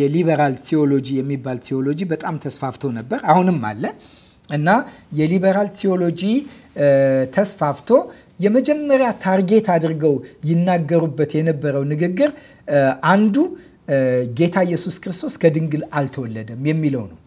የሊበራል ቲዎሎጂ የሚባል ቲዎሎጂ በጣም ተስፋፍቶ ነበር። አሁንም አለ እና የሊበራል ቲዎሎጂ ተስፋፍቶ የመጀመሪያ ታርጌት አድርገው ይናገሩበት የነበረው ንግግር አንዱ ጌታ ኢየሱስ ክርስቶስ ከድንግል አልተወለደም የሚለው ነው።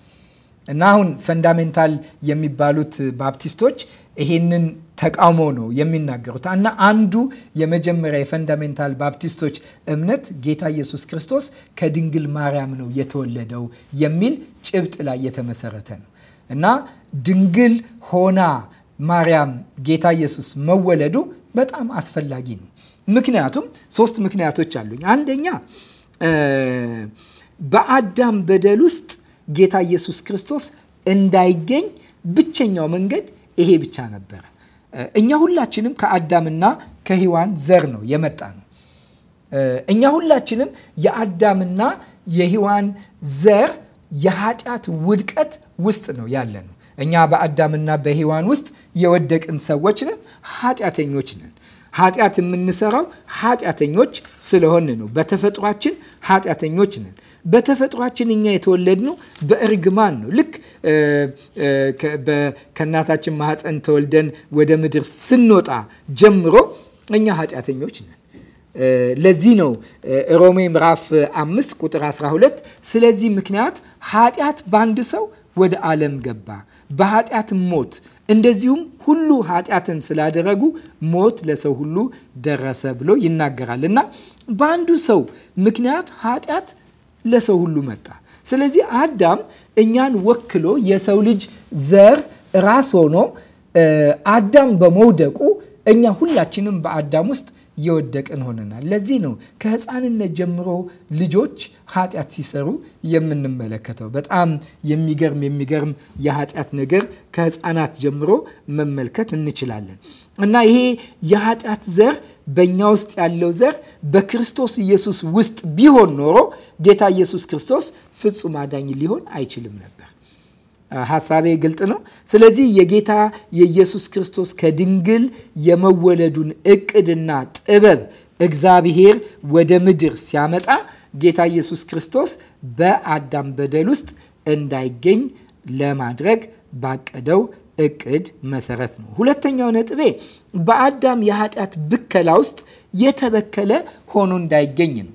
እና አሁን ፈንዳሜንታል የሚባሉት ባፕቲስቶች ይሄንን ተቃውሞ ነው የሚናገሩት። እና አንዱ የመጀመሪያ የፈንዳሜንታል ባፕቲስቶች እምነት ጌታ ኢየሱስ ክርስቶስ ከድንግል ማርያም ነው የተወለደው የሚል ጭብጥ ላይ የተመሰረተ ነው እና ድንግል ሆና ማርያም ጌታ ኢየሱስ መወለዱ በጣም አስፈላጊ ነው። ምክንያቱም ሶስት ምክንያቶች አሉኝ። አንደኛ በአዳም በደል ውስጥ ጌታ ኢየሱስ ክርስቶስ እንዳይገኝ ብቸኛው መንገድ ይሄ ብቻ ነበረ። እኛ ሁላችንም ከአዳምና ከሔዋን ዘር ነው የመጣ ነው። እኛ ሁላችንም የአዳምና የሔዋን ዘር የኃጢአት ውድቀት ውስጥ ነው ያለ ነው። እኛ በአዳምና በሔዋን ውስጥ የወደቅን ሰዎች ነን፣ ኃጢአተኞች ነን። ኃጢአት የምንሰራው ኃጢአተኞች ስለሆን ነው። በተፈጥሯችን ኃጢአተኞች ነን። በተፈጥሯችን እኛ የተወለድነው በእርግማን ነው። ልክ ከእናታችን ማህፀን ተወልደን ወደ ምድር ስንወጣ ጀምሮ እኛ ኃጢአተኞች ነን። ለዚህ ነው ሮሜ ምዕራፍ አምስት ቁጥር 12 ስለዚህ ምክንያት ኃጢአት በአንድ ሰው ወደ ዓለም ገባ፣ በኃጢአት ሞት፣ እንደዚሁም ሁሉ ኃጢአትን ስላደረጉ ሞት ለሰው ሁሉ ደረሰ ብሎ ይናገራል እና በአንዱ ሰው ምክንያት ኃጢአት ለሰው ሁሉ መጣ። ስለዚህ አዳም እኛን ወክሎ የሰው ልጅ ዘር ራስ ሆኖ አዳም በመውደቁ እኛ ሁላችንም በአዳም ውስጥ የወደቅን ሆነናል። ለዚህ ነው ከህፃንነት ጀምሮ ልጆች ኃጢአት ሲሰሩ የምንመለከተው። በጣም የሚገርም የሚገርም የኃጢአት ነገር ከህፃናት ጀምሮ መመልከት እንችላለን እና ይሄ የኃጢአት ዘር በእኛ ውስጥ ያለው ዘር በክርስቶስ ኢየሱስ ውስጥ ቢሆን ኖሮ ጌታ ኢየሱስ ክርስቶስ ፍጹም አዳኝ ሊሆን አይችልም ነበር። ሀሳቤ ግልጽ ነው። ስለዚህ የጌታ የኢየሱስ ክርስቶስ ከድንግል የመወለዱን እቅድና ጥበብ እግዚአብሔር ወደ ምድር ሲያመጣ ጌታ ኢየሱስ ክርስቶስ በአዳም በደል ውስጥ እንዳይገኝ ለማድረግ ባቀደው እቅድ መሰረት ነው። ሁለተኛው ነጥቤ በአዳም የኃጢአት ብከላ ውስጥ የተበከለ ሆኖ እንዳይገኝ ነው።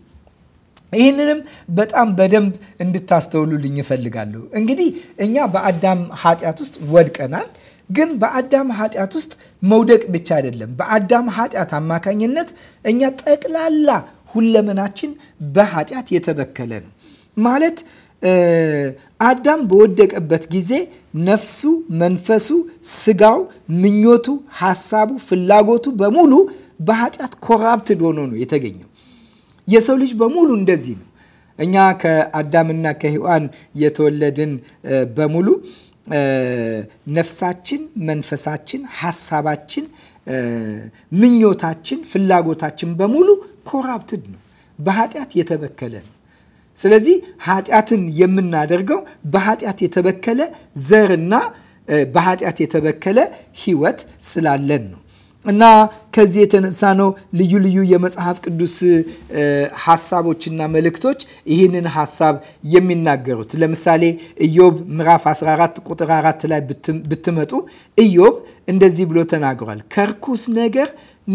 ይህንንም በጣም በደንብ እንድታስተውሉልኝ እፈልጋለሁ። እንግዲህ እኛ በአዳም ኃጢአት ውስጥ ወድቀናል። ግን በአዳም ኃጢአት ውስጥ መውደቅ ብቻ አይደለም። በአዳም ኃጢአት አማካኝነት እኛ ጠቅላላ ሁለመናችን በኃጢአት የተበከለ ነው ማለት አዳም በወደቀበት ጊዜ ነፍሱ፣ መንፈሱ፣ ስጋው፣ ምኞቱ፣ ሀሳቡ፣ ፍላጎቱ በሙሉ በኃጢአት ኮራፕትድ ሆኖ ነው የተገኘው። የሰው ልጅ በሙሉ እንደዚህ ነው። እኛ ከአዳምና ከሔዋን የተወለድን በሙሉ ነፍሳችን፣ መንፈሳችን፣ ሀሳባችን፣ ምኞታችን፣ ፍላጎታችን በሙሉ ኮራፕትድ ነው፣ በኃጢአት የተበከለ ነው። ስለዚህ ኃጢአትን የምናደርገው በኃጢአት የተበከለ ዘርና በኃጢአት የተበከለ ህይወት ስላለን ነው። እና ከዚህ የተነሳ ነው ልዩ ልዩ የመጽሐፍ ቅዱስ ሀሳቦችና መልእክቶች ይህንን ሀሳብ የሚናገሩት። ለምሳሌ ኢዮብ ምዕራፍ 14 ቁጥር 4 ላይ ብትመጡ ኢዮብ እንደዚህ ብሎ ተናግሯል። ከርኩስ ነገር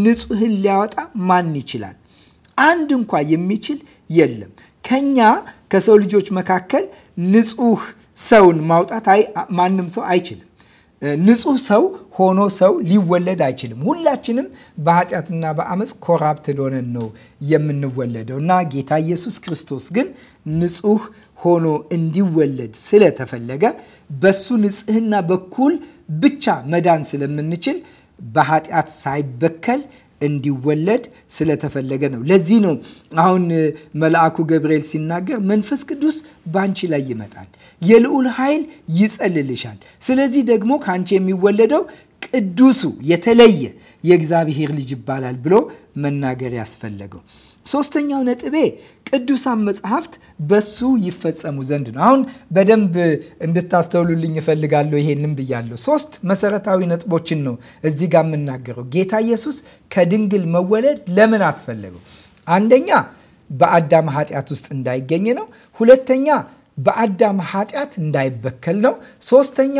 ንጹህን ሊያወጣ ማን ይችላል? አንድ እንኳ የሚችል የለም። ከኛ ከሰው ልጆች መካከል ንጹህ ሰውን ማውጣት ማንም ሰው አይችልም። ንጹህ ሰው ሆኖ ሰው ሊወለድ አይችልም። ሁላችንም በኃጢአትና በአመፅ ኮራብት ሆነን ነው የምንወለደው እና ጌታ ኢየሱስ ክርስቶስ ግን ንጹህ ሆኖ እንዲወለድ ስለተፈለገ በሱ ንጽህና በኩል ብቻ መዳን ስለምንችል በኃጢአት ሳይበከል እንዲወለድ ስለተፈለገ ነው። ለዚህ ነው አሁን መልአኩ ገብርኤል ሲናገር መንፈስ ቅዱስ በአንቺ ላይ ይመጣል፣ የልዑል ኃይል ይጸልልሻል። ስለዚህ ደግሞ ከአንቺ የሚወለደው ቅዱሱ የተለየ የእግዚአብሔር ልጅ ይባላል ብሎ መናገር ያስፈለገው ሶስተኛው ነጥቤ ቅዱሳን መጽሐፍት በሱ ይፈጸሙ ዘንድ ነው። አሁን በደንብ እንድታስተውሉልኝ እፈልጋለሁ። ይሄንም ብያለሁ። ሶስት መሰረታዊ ነጥቦችን ነው እዚህ ጋር የምናገረው። ጌታ ኢየሱስ ከድንግል መወለድ ለምን አስፈለገው? አንደኛ በአዳም ኃጢአት ውስጥ እንዳይገኝ ነው። ሁለተኛ በአዳም ኃጢአት እንዳይበከል ነው። ሶስተኛ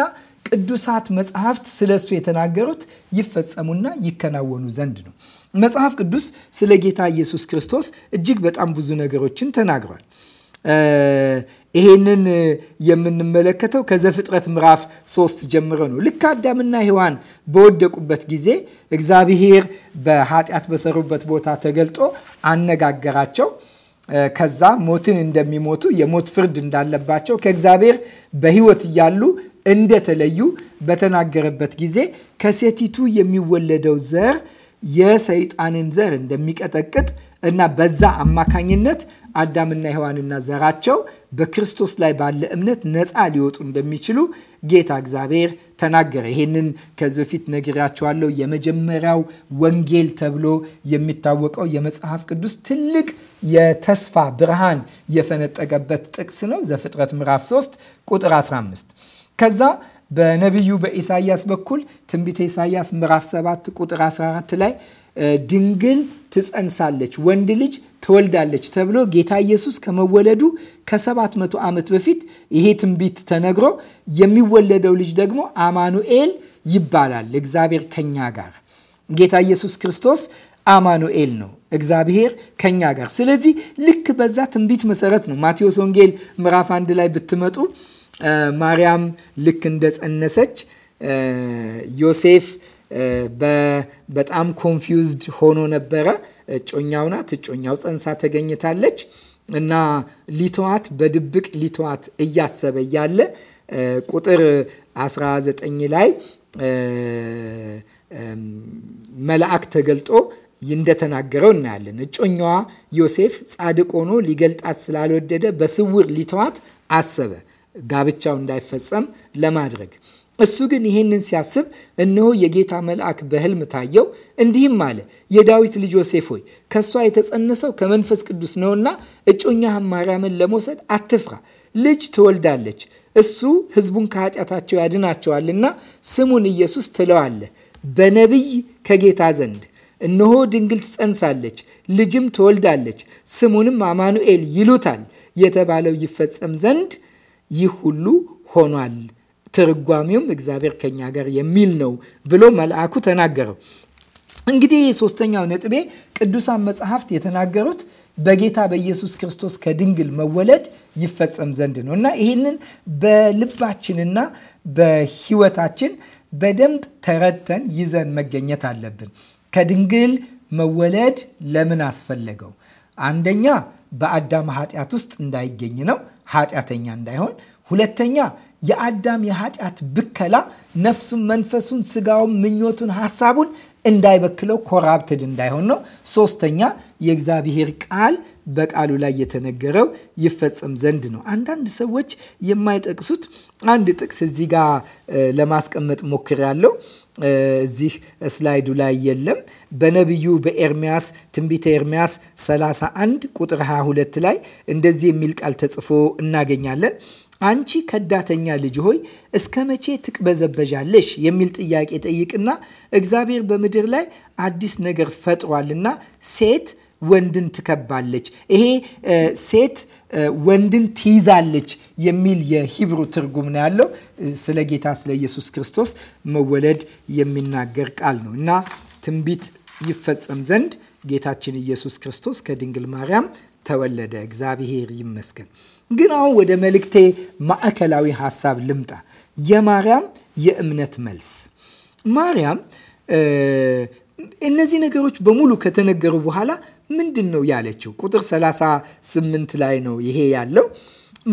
ቅዱሳት መጽሐፍት ስለሱ የተናገሩት ይፈጸሙና ይከናወኑ ዘንድ ነው። መጽሐፍ ቅዱስ ስለ ጌታ ኢየሱስ ክርስቶስ እጅግ በጣም ብዙ ነገሮችን ተናግሯል። ይሄንን የምንመለከተው ከዘፍጥረት ምዕራፍ ሶስት ጀምሮ ነው። ልክ አዳምና ሔዋን በወደቁበት ጊዜ እግዚአብሔር በኃጢአት በሰሩበት ቦታ ተገልጦ አነጋገራቸው። ከዛ ሞትን እንደሚሞቱ የሞት ፍርድ እንዳለባቸው ከእግዚአብሔር በሕይወት እያሉ እንደተለዩ በተናገረበት ጊዜ ከሴቲቱ የሚወለደው ዘር የሰይጣንን ዘር እንደሚቀጠቅጥ እና በዛ አማካኝነት አዳምና ሔዋንና ዘራቸው በክርስቶስ ላይ ባለ እምነት ነፃ ሊወጡ እንደሚችሉ ጌታ እግዚአብሔር ተናገረ። ይህንን ከዚህ በፊት ነግሬያቸዋለሁ። የመጀመሪያው ወንጌል ተብሎ የሚታወቀው የመጽሐፍ ቅዱስ ትልቅ የተስፋ ብርሃን የፈነጠቀበት ጥቅስ ነው። ዘፍጥረት ምዕራፍ 3 ቁጥር 15 ከዛ በነቢዩ በኢሳያስ በኩል ትንቢተ ኢሳያስ ምዕራፍ 7 ቁጥር 14 ላይ ድንግል ትጸንሳለች፣ ወንድ ልጅ ትወልዳለች ተብሎ ጌታ ኢየሱስ ከመወለዱ ከ700 ዓመት በፊት ይሄ ትንቢት ተነግሮ የሚወለደው ልጅ ደግሞ አማኑኤል ይባላል፣ እግዚአብሔር ከኛ ጋር። ጌታ ኢየሱስ ክርስቶስ አማኑኤል ነው፣ እግዚአብሔር ከኛ ጋር። ስለዚህ ልክ በዛ ትንቢት መሰረት ነው ማቴዎስ ወንጌል ምዕራፍ አንድ ላይ ብትመጡ ማርያም ልክ እንደጸነሰች ዮሴፍ በጣም ኮንፊውዝድ ሆኖ ነበረ። እጮኛው ናት፣ እጮኛው ጸንሳ ተገኝታለች እና ሊተዋት በድብቅ ሊተዋት እያሰበ እያለ ቁጥር 19 ላይ መልአክ ተገልጦ እንደተናገረው እናያለን። እጮኛዋ ዮሴፍ ጻድቅ ሆኖ ሊገልጣት ስላልወደደ በስውር ሊተዋት አሰበ። ጋብቻው እንዳይፈጸም ለማድረግ እሱ ግን ይህንን ሲያስብ እነሆ የጌታ መልአክ በህልም ታየው፣ እንዲህም አለ፣ የዳዊት ልጅ ዮሴፍ ሆይ ከእሷ የተጸነሰው ከመንፈስ ቅዱስ ነውና እጮኛህን ማርያምን ለመውሰድ አትፍራ። ልጅ ትወልዳለች፣ እሱ ህዝቡን ከኃጢአታቸው ያድናቸዋልና ስሙን ኢየሱስ ትለዋለህ። በነቢይ ከጌታ ዘንድ እነሆ ድንግል ትጸንሳለች፣ ልጅም ትወልዳለች፣ ስሙንም አማኑኤል ይሉታል የተባለው ይፈጸም ዘንድ ይህ ሁሉ ሆኗል፣ ትርጓሜውም እግዚአብሔር ከኛ ጋር የሚል ነው ብሎ መልአኩ ተናገረው። እንግዲህ ሶስተኛው ነጥቤ ቅዱሳን መጽሐፍት የተናገሩት በጌታ በኢየሱስ ክርስቶስ ከድንግል መወለድ ይፈጸም ዘንድ ነው እና ይህንን በልባችንና በሕይወታችን በደንብ ተረድተን ይዘን መገኘት አለብን። ከድንግል መወለድ ለምን አስፈለገው? አንደኛ በአዳም ኃጢአት ውስጥ እንዳይገኝ ነው። ኃጢአተኛ እንዳይሆን፣ ሁለተኛ የአዳም የኃጢአት ብከላ ነፍሱን፣ መንፈሱን፣ ስጋውን፣ ምኞቱን፣ ሀሳቡን እንዳይበክለው ኮራፕትድ እንዳይሆን ነው። ሶስተኛ የእግዚአብሔር ቃል በቃሉ ላይ የተነገረው ይፈጸም ዘንድ ነው። አንዳንድ ሰዎች የማይጠቅሱት አንድ ጥቅስ እዚህ ጋር ለማስቀመጥ ሞክሬያለሁ። እዚህ ስላይዱ ላይ የለም። በነቢዩ በኤርሚያስ ትንቢተ ኤርሚያስ 31 ቁጥር 22 ላይ እንደዚህ የሚል ቃል ተጽፎ እናገኛለን። አንቺ ከዳተኛ ልጅ ሆይ እስከ መቼ ትቅበዘበዣለሽ? የሚል ጥያቄ ጠይቅና እግዚአብሔር በምድር ላይ አዲስ ነገር ፈጥሯልና ሴት ወንድን ትከባለች። ይሄ ሴት ወንድን ትይዛለች የሚል የሂብሩ ትርጉም ነው ያለው። ስለ ጌታ ስለ ኢየሱስ ክርስቶስ መወለድ የሚናገር ቃል ነው እና ትንቢት ይፈጸም ዘንድ ጌታችን ኢየሱስ ክርስቶስ ከድንግል ማርያም ተወለደ። እግዚአብሔር ይመስገን። ግን አሁን ወደ መልእክቴ ማዕከላዊ ሀሳብ ልምጣ። የማርያም የእምነት መልስ ማርያም እነዚህ ነገሮች በሙሉ ከተነገሩ በኋላ ምንድን ነው ያለችው? ቁጥር 38 ላይ ነው ይሄ ያለው።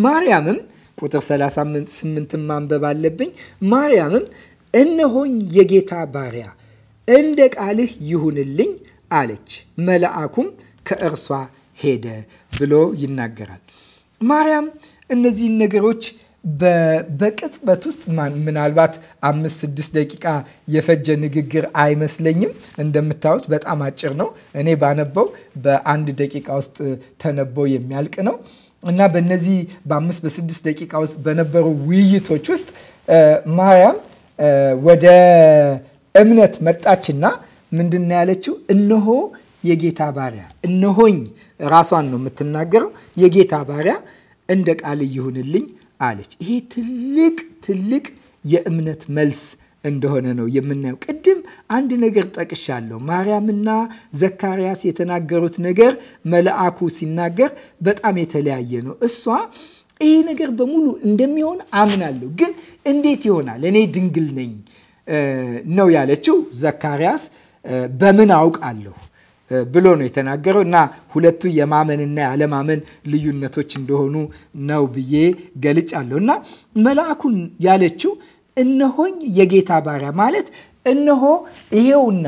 ማርያምም ቁጥር 38 ማንበብ አለብኝ። ማርያምም እነሆኝ የጌታ ባሪያ እንደ ቃልህ ይሁንልኝ አለች። መልአኩም ከእርሷ ሄደ ብሎ ይናገራል። ማርያም እነዚህን ነገሮች በቅጽበት ውስጥ ምናልባት አምስት ስድስት ደቂቃ የፈጀ ንግግር አይመስለኝም። እንደምታዩት በጣም አጭር ነው። እኔ ባነበው በአንድ ደቂቃ ውስጥ ተነቦ የሚያልቅ ነው እና በነዚህ በአምስት በስድስት ደቂቃ ውስጥ በነበሩ ውይይቶች ውስጥ ማርያም ወደ እምነት መጣችና ምንድን ያለችው? እነሆ የጌታ ባሪያ እነሆኝ፣ ራሷን ነው የምትናገረው። የጌታ ባሪያ እንደ ቃል ይሁንልኝ አለች። ይሄ ትልቅ ትልቅ የእምነት መልስ እንደሆነ ነው የምናየው። ቅድም አንድ ነገር ጠቅሻለሁ። ማርያምና ዘካርያስ የተናገሩት ነገር መልአኩ ሲናገር በጣም የተለያየ ነው። እሷ ይሄ ነገር በሙሉ እንደሚሆን አምናለሁ፣ ግን እንዴት ይሆናል? እኔ ድንግል ነኝ ነው ያለችው። ዘካርያስ በምን አውቃለሁ ብሎ ነው የተናገረው እና ሁለቱ የማመንና ያለማመን ልዩነቶች እንደሆኑ ነው ብዬ ገልጫለሁ። እና መልአኩን ያለችው እነሆኝ የጌታ ባሪያ ማለት እነሆ ይሄውና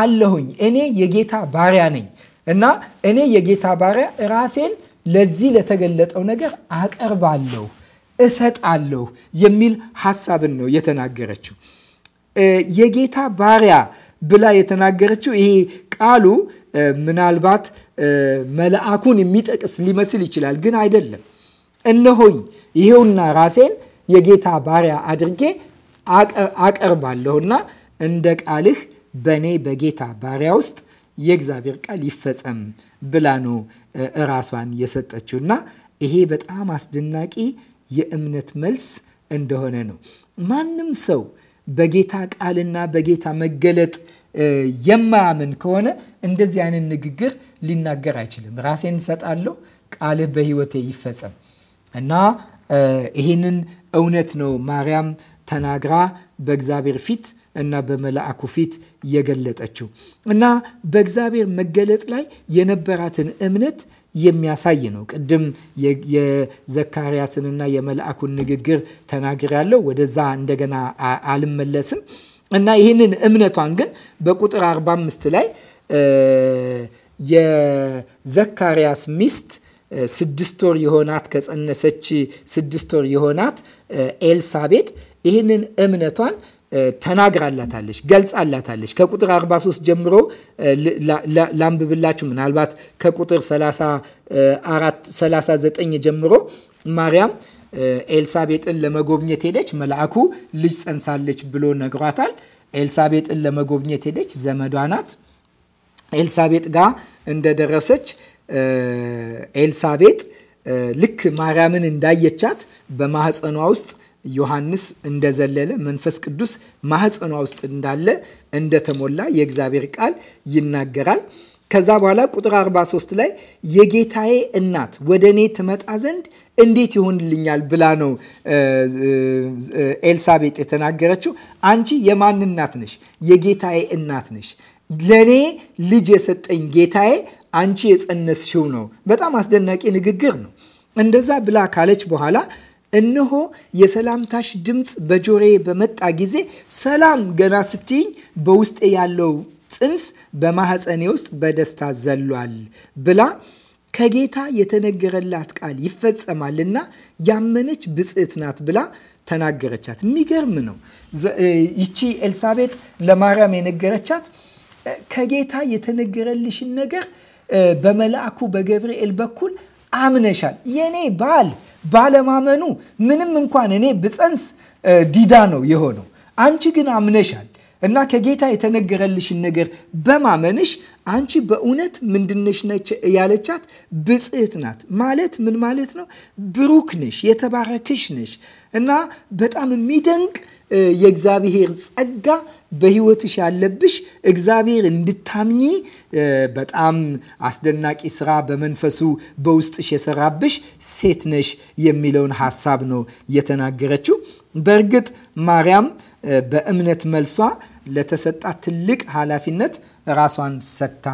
አለሁኝ እኔ የጌታ ባሪያ ነኝ እና እኔ የጌታ ባሪያ ራሴን ለዚህ ለተገለጠው ነገር አቀርባለሁ፣ እሰጣለሁ የሚል ሀሳብን ነው የተናገረችው። የጌታ ባሪያ ብላ የተናገረችው ይሄ ቃሉ ምናልባት መልአኩን የሚጠቅስ ሊመስል ይችላል፣ ግን አይደለም። እነሆኝ ይሄውና ራሴን የጌታ ባሪያ አድርጌ አቀርባለሁና እንደ ቃልህ በእኔ በጌታ ባሪያ ውስጥ የእግዚአብሔር ቃል ይፈጸም ብላ ነው ራሷን የሰጠችው እና ይሄ በጣም አስደናቂ የእምነት መልስ እንደሆነ ነው ማንም ሰው በጌታ ቃልና በጌታ መገለጥ የማያምን ከሆነ እንደዚህ አይነት ንግግር ሊናገር አይችልም። ራሴን እሰጣለሁ፣ ቃልህ በህይወቴ ይፈጸም እና ይህንን እውነት ነው ማርያም ተናግራ በእግዚአብሔር ፊት እና በመልአኩ ፊት የገለጠችው እና በእግዚአብሔር መገለጥ ላይ የነበራትን እምነት የሚያሳይ ነው። ቅድም የዘካርያስንና የመልአኩን ንግግር ተናግር ያለው ወደዛ እንደገና አልመለስም እና ይህንን እምነቷን ግን በቁጥር 45 ላይ የዘካርያስ ሚስት ስድስት ወር የሆናት ከጸነሰች ስድስት ወር የሆናት ኤልሳቤጥ ይህንን እምነቷን ተናግራላታለች፣ ገልጻላታለች። ከቁጥር 43 ጀምሮ ላንብብላችሁ። ምናልባት ከቁጥር 34 39 ጀምሮ ማርያም ኤልሳቤጥን ለመጎብኘት ሄደች። መልአኩ ልጅ ጸንሳለች ብሎ ነግሯታል። ኤልሳቤጥን ለመጎብኘት ሄደች። ዘመዷ ናት። ኤልሳቤጥ ጋር እንደደረሰች ኤልሳቤጥ ልክ ማርያምን እንዳየቻት በማህፀኗ ውስጥ ዮሐንስ እንደዘለለ መንፈስ ቅዱስ ማህፀኗ ውስጥ እንዳለ እንደተሞላ የእግዚአብሔር ቃል ይናገራል። ከዛ በኋላ ቁጥር 43 ላይ የጌታዬ እናት ወደ እኔ ትመጣ ዘንድ እንዴት ይሆንልኛል ብላ ነው ኤልሳቤጥ የተናገረችው። አንቺ የማን እናት ነሽ? የጌታዬ እናት ነሽ። ለእኔ ልጅ የሰጠኝ ጌታዬ አንቺ የጸነስሽው ነው። በጣም አስደናቂ ንግግር ነው። እንደዛ ብላ ካለች በኋላ እነሆ የሰላምታሽ ድምፅ በጆሬ በመጣ ጊዜ ሰላም ገና ስትይኝ በውስጤ ያለው ጽንስ በማህፀኔ ውስጥ በደስታ ዘሏል ብላ ከጌታ የተነገረላት ቃል ይፈጸማልና ያመነች ብፅዕት ናት ብላ ተናገረቻት። የሚገርም ነው። ይቺ ኤልሳቤጥ ለማርያም የነገረቻት ከጌታ የተነገረልሽን ነገር በመልአኩ በገብርኤል በኩል አምነሻል። የኔ ባል ባለማመኑ ምንም እንኳን እኔ ብፀንስ ዲዳ ነው የሆነው። አንቺ ግን አምነሻል እና ከጌታ የተነገረልሽን ነገር በማመንሽ አንቺ በእውነት ምንድነሽ ነች ያለቻት ብጽህት ናት ማለት ምን ማለት ነው? ብሩክ ነሽ፣ የተባረክሽ ነሽ እና በጣም የሚደንቅ የእግዚአብሔር ጸጋ በሕይወትሽ ያለብሽ እግዚአብሔር እንድታምኚ በጣም አስደናቂ ስራ በመንፈሱ በውስጥሽ የሰራብሽ ሴት ነሽ የሚለውን ሀሳብ ነው የተናገረችው። በእርግጥ ማርያም በእምነት መልሷ ለተሰጣት ትልቅ ኃላፊነት ራሷን ሰጥታ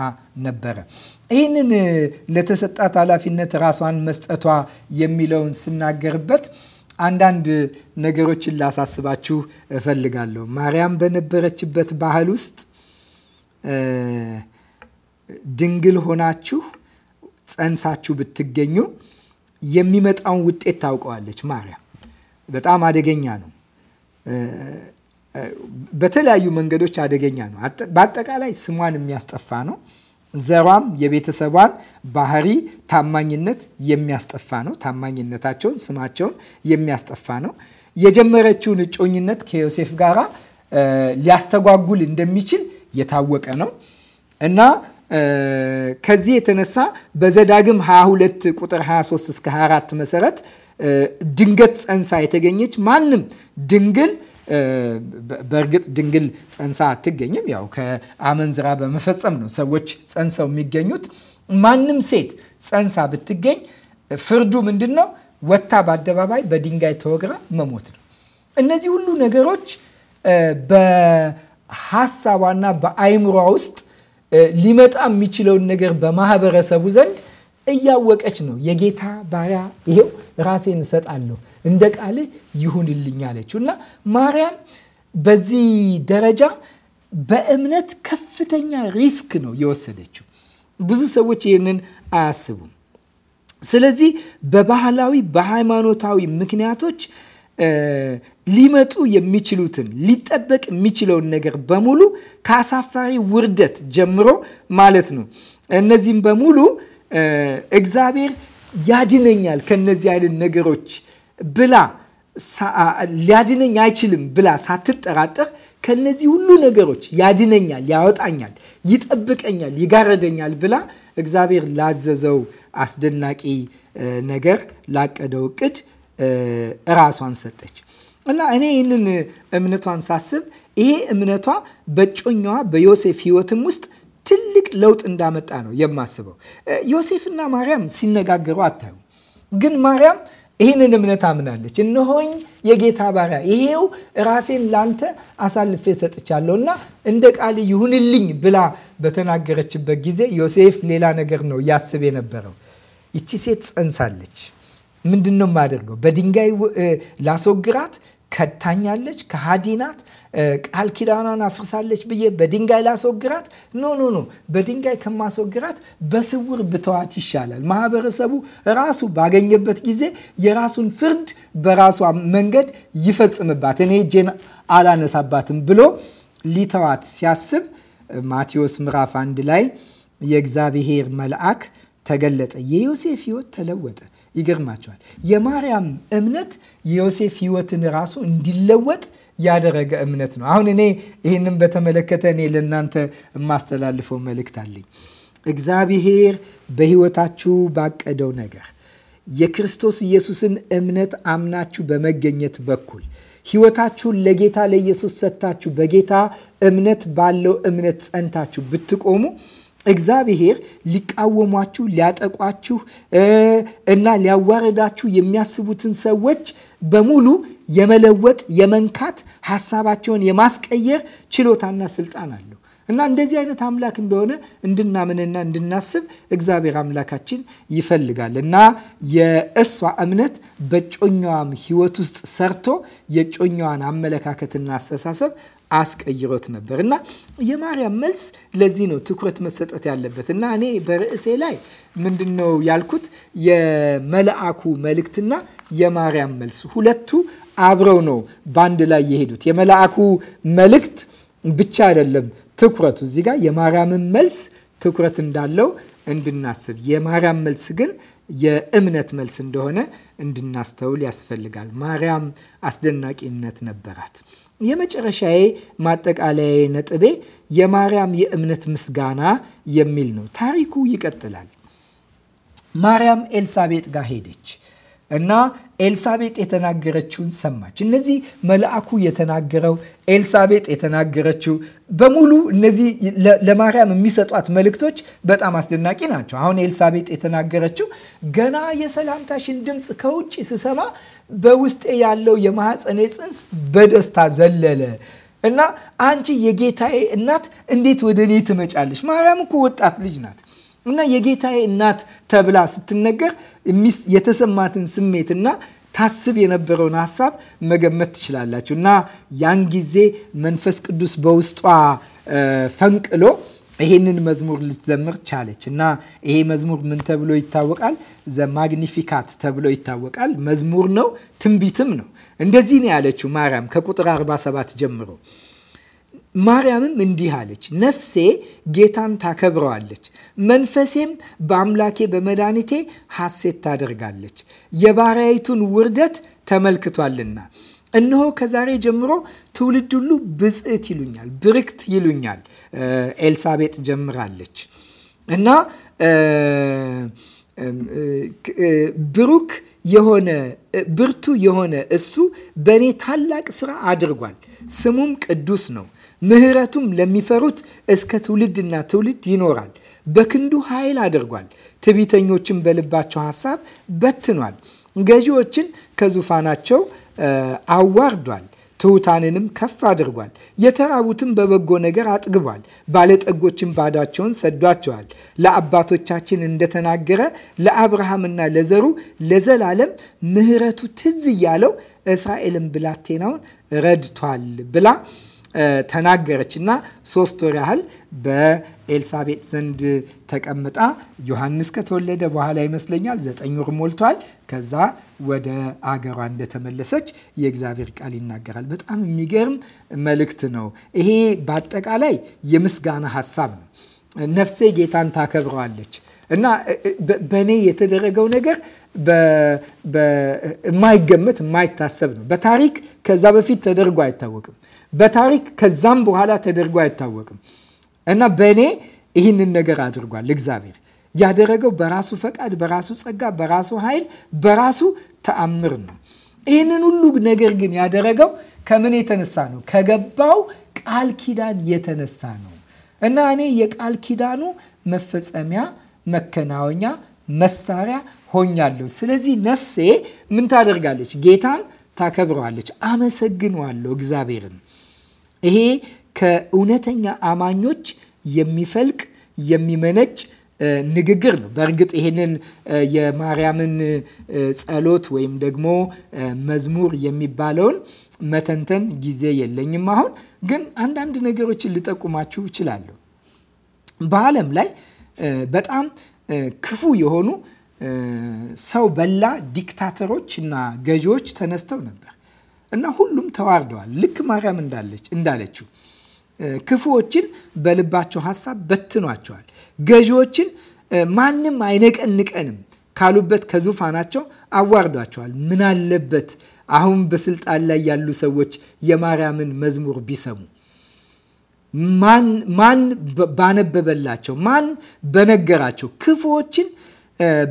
ነበረ። ይህንን ለተሰጣት ኃላፊነት ራሷን መስጠቷ የሚለውን ስናገርበት አንዳንድ ነገሮችን ላሳስባችሁ እፈልጋለሁ። ማርያም በነበረችበት ባህል ውስጥ ድንግል ሆናችሁ ጸንሳችሁ ብትገኙ የሚመጣውን ውጤት ታውቀዋለች። ማርያም በጣም አደገኛ ነው። በተለያዩ መንገዶች አደገኛ ነው። በአጠቃላይ ስሟን የሚያስጠፋ ነው። ዘሯም የቤተሰቧን ባህሪ ታማኝነት የሚያስጠፋ ነው። ታማኝነታቸውን፣ ስማቸውን የሚያስጠፋ ነው። የጀመረችውን እጮኝነት ከዮሴፍ ጋር ሊያስተጓጉል እንደሚችል የታወቀ ነው እና ከዚህ የተነሳ በዘዳግም 22 ቁጥር 23 እስከ 24 መሰረት ድንገት ጸንሳ የተገኘች ማንም ድንግል በእርግጥ ድንግል ጸንሳ አትገኝም። ያው ከአመንዝራ በመፈጸም ነው ሰዎች ጸንሰው የሚገኙት። ማንም ሴት ጸንሳ ብትገኝ ፍርዱ ምንድን ነው? ወታ በአደባባይ በድንጋይ ተወግራ መሞት ነው። እነዚህ ሁሉ ነገሮች በሀሳቧና በአይምሯ ውስጥ ሊመጣ የሚችለውን ነገር በማህበረሰቡ ዘንድ እያወቀች ነው የጌታ ባሪያ ይሄው ራሴን እሰጣለሁ እንደ ቃልህ ይሁንልኝ አለችው እና ማርያም በዚህ ደረጃ በእምነት ከፍተኛ ሪስክ ነው የወሰደችው። ብዙ ሰዎች ይህንን አያስቡም። ስለዚህ በባህላዊ በሃይማኖታዊ ምክንያቶች ሊመጡ የሚችሉትን ሊጠበቅ የሚችለውን ነገር በሙሉ ከአሳፋሪ ውርደት ጀምሮ ማለት ነው እነዚህም በሙሉ እግዚአብሔር ያድነኛል ከነዚህ አይነት ነገሮች ብላ ሊያድነኝ አይችልም ብላ ሳትጠራጠር ከነዚህ ሁሉ ነገሮች ያድነኛል፣ ያወጣኛል፣ ይጠብቀኛል፣ ይጋረደኛል ብላ እግዚአብሔር ላዘዘው አስደናቂ ነገር ላቀደው እቅድ እራሷን ሰጠች እና እኔ ይህንን እምነቷን ሳስብ ይሄ እምነቷ በጮኛዋ በዮሴፍ ሕይወትም ውስጥ ትልቅ ለውጥ እንዳመጣ ነው የማስበው። ዮሴፍና ማርያም ሲነጋገሩ አታዩ፣ ግን ማርያም ይህንን እምነት አምናለች። እነሆኝ የጌታ ባሪያ ይሄው ራሴን ላንተ አሳልፌ ሰጥቻለሁ እና እንደ ቃል ይሁንልኝ ብላ በተናገረችበት ጊዜ ዮሴፍ ሌላ ነገር ነው ያስብ የነበረው። ይቺ ሴት ጸንሳለች፣ ምንድን ነው የማደርገው? በድንጋይ ላስወግራት ከታኛለች፣ ከሃዲናት ቃል ኪዳኗን አፍርሳለች ብዬ በድንጋይ ላስወግራት? ኖ ኖ ኖ፣ በድንጋይ ከማስወግራት በስውር ብተዋት ይሻላል። ማህበረሰቡ ራሱ ባገኘበት ጊዜ የራሱን ፍርድ በራሷ መንገድ ይፈጽምባት፣ እኔ እጄን አላነሳባትም ብሎ ሊተዋት ሲያስብ ማቴዎስ ምዕራፍ አንድ ላይ የእግዚአብሔር መልአክ ተገለጠ። የዮሴፍ ህይወት ተለወጠ። ይገርማቸዋል። የማርያም እምነት የዮሴፍ ህይወትን ራሱ እንዲለወጥ ያደረገ እምነት ነው። አሁን እኔ ይህንም በተመለከተ እኔ ለእናንተ የማስተላልፈው መልእክት አለኝ። እግዚአብሔር በህይወታችሁ ባቀደው ነገር የክርስቶስ ኢየሱስን እምነት አምናችሁ በመገኘት በኩል ህይወታችሁን ለጌታ ለኢየሱስ ሰጥታችሁ በጌታ እምነት ባለው እምነት ጸንታችሁ ብትቆሙ እግዚአብሔር ሊቃወሟችሁ፣ ሊያጠቋችሁ እና ሊያዋረዳችሁ የሚያስቡትን ሰዎች በሙሉ የመለወጥ የመንካት ሀሳባቸውን የማስቀየር ችሎታና ስልጣን አለው እና እንደዚህ አይነት አምላክ እንደሆነ እንድናምንና እንድናስብ እግዚአብሔር አምላካችን ይፈልጋል እና የእሷ እምነት በጮኛዋም ሕይወት ውስጥ ሰርቶ የጮኛዋን አመለካከትና አስተሳሰብ አስቀይሮት ነበር እና የማርያም መልስ ለዚህ ነው ትኩረት መሰጠት ያለበት እና እኔ በርዕሴ ላይ ምንድን ነው ያልኩት የመልአኩ መልእክትና የማርያም መልስ ሁለቱ አብረው ነው በአንድ ላይ የሄዱት። የመልአኩ መልእክት ብቻ አይደለም ትኩረቱ እዚህ ጋር የማርያምን መልስ ትኩረት እንዳለው እንድናስብ የማርያም መልስ ግን የእምነት መልስ እንደሆነ እንድናስተውል ያስፈልጋል። ማርያም አስደናቂ እምነት ነበራት። የመጨረሻዬ ማጠቃለያ ነጥቤ የማርያም የእምነት ምስጋና የሚል ነው። ታሪኩ ይቀጥላል። ማርያም ኤልሳቤጥ ጋር ሄደች። እና ኤልሳቤጥ የተናገረችውን ሰማች። እነዚህ መልአኩ የተናገረው ኤልሳቤጥ የተናገረችው በሙሉ እነዚህ ለማርያም የሚሰጧት መልእክቶች በጣም አስደናቂ ናቸው። አሁን ኤልሳቤጥ የተናገረችው ገና የሰላምታሽን ድምፅ ከውጭ ስሰማ በውስጤ ያለው የማኅፀኔ ጽንስ በደስታ ዘለለ እና አንቺ የጌታዬ እናት እንዴት ወደ እኔ ትመጫለች? ማርያም እኮ ወጣት ልጅ ናት። እና የጌታዬ እናት ተብላ ስትነገር የተሰማትን ስሜትና ታስብ የነበረውን ሀሳብ መገመት ትችላላችሁ። እና ያን ጊዜ መንፈስ ቅዱስ በውስጧ ፈንቅሎ ይሄንን መዝሙር ልትዘምር ቻለች እና ይሄ መዝሙር ምን ተብሎ ይታወቃል? ዘማግኒፊካት ተብሎ ይታወቃል። መዝሙር ነው፣ ትንቢትም ነው። እንደዚህ ነው ያለችው ማርያም ከቁጥር 47 ጀምሮ ማርያምም እንዲህ አለች፣ ነፍሴ ጌታን ታከብረዋለች፣ መንፈሴም በአምላኬ በመድኃኒቴ ሐሴት ታደርጋለች፣ የባሪያይቱን ውርደት ተመልክቷልና። እነሆ ከዛሬ ጀምሮ ትውልድ ሁሉ ብፅዕት ይሉኛል፣ ብርክት ይሉኛል። ኤልሳቤጥ ጀምራለች እና ብሩክ የሆነ ብርቱ የሆነ እሱ በእኔ ታላቅ ስራ አድርጓል፣ ስሙም ቅዱስ ነው ምሕረቱም ለሚፈሩት እስከ ትውልድና ትውልድ ይኖራል። በክንዱ ኃይል አድርጓል። ትዕቢተኞችን በልባቸው ሐሳብ በትኗል። ገዢዎችን ከዙፋናቸው አዋርዷል። ትሑታንንም ከፍ አድርጓል። የተራቡትን በበጎ ነገር አጥግቧል። ባለጠጎችን ባዷቸውን ሰዷቸዋል። ለአባቶቻችን እንደተናገረ ለአብርሃምና ለዘሩ ለዘላለም ምሕረቱ ትዝ እያለው እስራኤልን ብላቴናውን ረድቷል ብላ ተናገረች እና ሶስት ወር ያህል በኤልሳቤጥ ዘንድ ተቀምጣ ዮሐንስ ከተወለደ በኋላ ይመስለኛል ዘጠኝ ወር ሞልቷል። ከዛ ወደ አገሯ እንደተመለሰች የእግዚአብሔር ቃል ይናገራል። በጣም የሚገርም መልእክት ነው። ይሄ በአጠቃላይ የምስጋና ሀሳብ ነው። ነፍሴ ጌታን ታከብረዋለች እና በእኔ የተደረገው ነገር የማይገመት የማይታሰብ ነው። በታሪክ ከዛ በፊት ተደርጎ አይታወቅም። በታሪክ ከዛም በኋላ ተደርጎ አይታወቅም። እና በእኔ ይህንን ነገር አድርጓል እግዚአብሔር ያደረገው በራሱ ፈቃድ፣ በራሱ ጸጋ፣ በራሱ ኃይል፣ በራሱ ተአምር ነው። ይህንን ሁሉ ነገር ግን ያደረገው ከምን የተነሳ ነው? ከገባው ቃል ኪዳን የተነሳ ነው። እና እኔ የቃል ኪዳኑ መፈጸሚያ መከናወኛ መሳሪያ ሆኛለሁ። ስለዚህ ነፍሴ ምን ታደርጋለች? ጌታን ታከብረዋለች። አመሰግነዋለሁ እግዚአብሔርን። ይሄ ከእውነተኛ አማኞች የሚፈልቅ የሚመነጭ ንግግር ነው። በእርግጥ ይህንን የማርያምን ጸሎት ወይም ደግሞ መዝሙር የሚባለውን መተንተን ጊዜ የለኝም አሁን። ግን አንዳንድ ነገሮችን ልጠቁማችሁ እችላለሁ። በዓለም ላይ በጣም ክፉ የሆኑ ሰው በላ ዲክታተሮች እና ገዢዎች ተነስተው ነበር እና ሁሉም ተዋርደዋል። ልክ ማርያም እንዳለችው ክፉዎችን በልባቸው ሀሳብ በትኗቸዋል። ገዢዎችን ማንም አይነቀንቀንም ካሉበት ከዙፋናቸው አዋርዷቸዋል። ምን አለበት አሁን በስልጣን ላይ ያሉ ሰዎች የማርያምን መዝሙር ቢሰሙ ማን ባነበበላቸው፣ ማን በነገራቸው፣ ክፉዎችን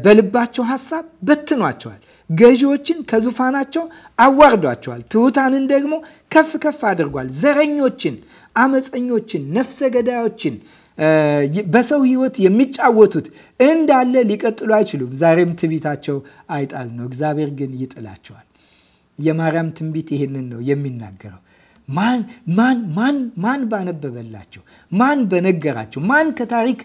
በልባቸው ሀሳብ በትኗቸዋል። ገዢዎችን ከዙፋናቸው አዋርዷቸዋል። ትሑታንን ደግሞ ከፍ ከፍ አድርጓል። ዘረኞችን፣ አመፀኞችን፣ ነፍሰ ገዳዮችን በሰው ሕይወት የሚጫወቱት እንዳለ ሊቀጥሉ አይችሉም። ዛሬም ትቢታቸው አይጣል ነው፣ እግዚአብሔር ግን ይጥላቸዋል። የማርያም ትንቢት ይህንን ነው የሚናገረው። ማን ማን ማን ማን ባነበበላቸው ማን በነገራቸው ማን ከታሪክ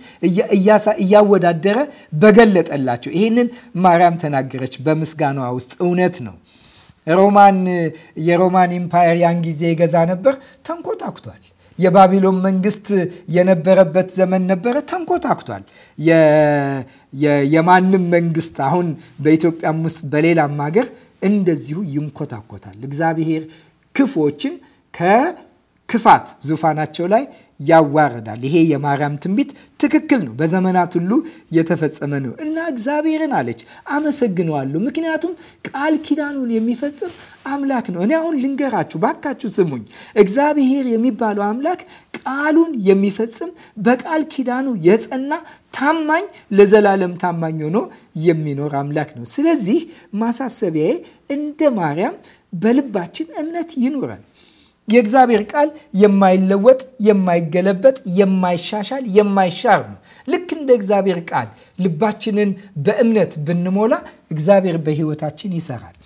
እያወዳደረ በገለጠላቸው። ይህንን ማርያም ተናገረች በምስጋናዋ ውስጥ እውነት ነው። ሮማን የሮማን ኢምፓየር ያን ጊዜ ይገዛ ነበር፣ ተንኮታኩቷል። የባቢሎን መንግስት የነበረበት ዘመን ነበረ፣ ተንኮታኩቷል። የማንም መንግስት አሁን በኢትዮጵያም ውስጥ በሌላም ሀገር እንደዚሁ ይንኮታኮታል። እግዚአብሔር ክፉዎችን ከክፋት ዙፋናቸው ላይ ያዋርዳል። ይሄ የማርያም ትንቢት ትክክል ነው። በዘመናት ሁሉ የተፈጸመ ነው እና እግዚአብሔርን አለች አመሰግነዋለሁ፣ ምክንያቱም ቃል ኪዳኑን የሚፈጽም አምላክ ነው። እኔ አሁን ልንገራችሁ፣ ባካችሁ ስሙኝ። እግዚአብሔር የሚባለው አምላክ ቃሉን የሚፈጽም በቃል ኪዳኑ የጸና ታማኝ፣ ለዘላለም ታማኝ ሆኖ የሚኖር አምላክ ነው። ስለዚህ ማሳሰቢያዬ እንደ ማርያም በልባችን እምነት ይኑረን። የእግዚአብሔር ቃል የማይለወጥ፣ የማይገለበጥ፣ የማይሻሻል፣ የማይሻር ነው። ልክ እንደ እግዚአብሔር ቃል ልባችንን በእምነት ብንሞላ እግዚአብሔር በሕይወታችን ይሰራል።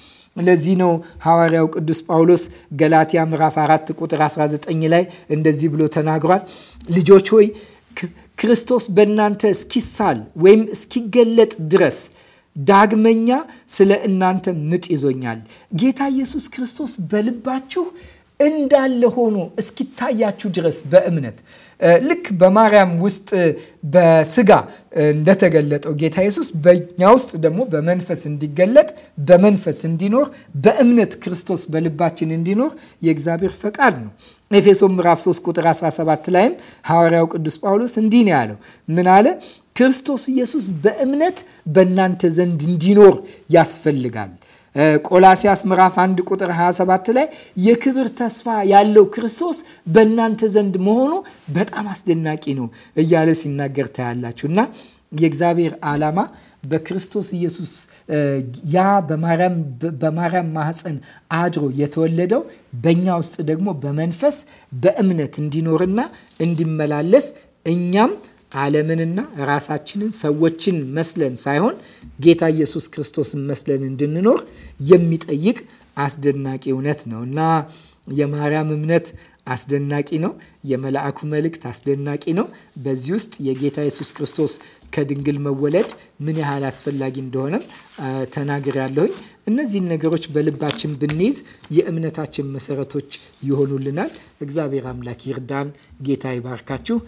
ለዚህ ነው ሐዋርያው ቅዱስ ጳውሎስ ገላትያ ምዕራፍ 4 ቁጥር 19 ላይ እንደዚህ ብሎ ተናግሯል። ልጆች ሆይ ክርስቶስ በእናንተ እስኪሳል ወይም እስኪገለጥ ድረስ ዳግመኛ ስለ እናንተ ምጥ ይዞኛል። ጌታ ኢየሱስ ክርስቶስ በልባችሁ እንዳለ ሆኖ እስኪታያችሁ ድረስ በእምነት ልክ በማርያም ውስጥ በስጋ እንደተገለጠው ጌታ ኢየሱስ በእኛ ውስጥ ደግሞ በመንፈስ እንዲገለጥ በመንፈስ እንዲኖር በእምነት ክርስቶስ በልባችን እንዲኖር የእግዚአብሔር ፈቃድ ነው። ኤፌሶ ምዕራፍ 3 ቁጥር 17 ላይም ሐዋርያው ቅዱስ ጳውሎስ እንዲህ ነው ያለው። ምን አለ? ክርስቶስ ኢየሱስ በእምነት በእናንተ ዘንድ እንዲኖር ያስፈልጋል ቆላሲያስ ምዕራፍ 1 ቁጥር 27 ላይ የክብር ተስፋ ያለው ክርስቶስ በእናንተ ዘንድ መሆኑ በጣም አስደናቂ ነው እያለ ሲናገር ታያላችሁ እና የእግዚአብሔር ዓላማ በክርስቶስ ኢየሱስ ያ በማርያም ማህፀን አድሮ የተወለደው በእኛ ውስጥ ደግሞ በመንፈስ በእምነት እንዲኖርና እንዲመላለስ እኛም ዓለምንና ራሳችንን ሰዎችን መስለን ሳይሆን ጌታ ኢየሱስ ክርስቶስን መስለን እንድንኖር የሚጠይቅ አስደናቂ እውነት ነው እና የማርያም እምነት አስደናቂ ነው። የመልአኩ መልእክት አስደናቂ ነው። በዚህ ውስጥ የጌታ ኢየሱስ ክርስቶስ ከድንግል መወለድ ምን ያህል አስፈላጊ እንደሆነም ያለሁኝ እነዚህን ነገሮች በልባችን ብንይዝ የእምነታችን መሰረቶች ይሆኑልናል። እግዚአብሔር አምላክ ይርዳን። ጌታ ይባርካችሁ።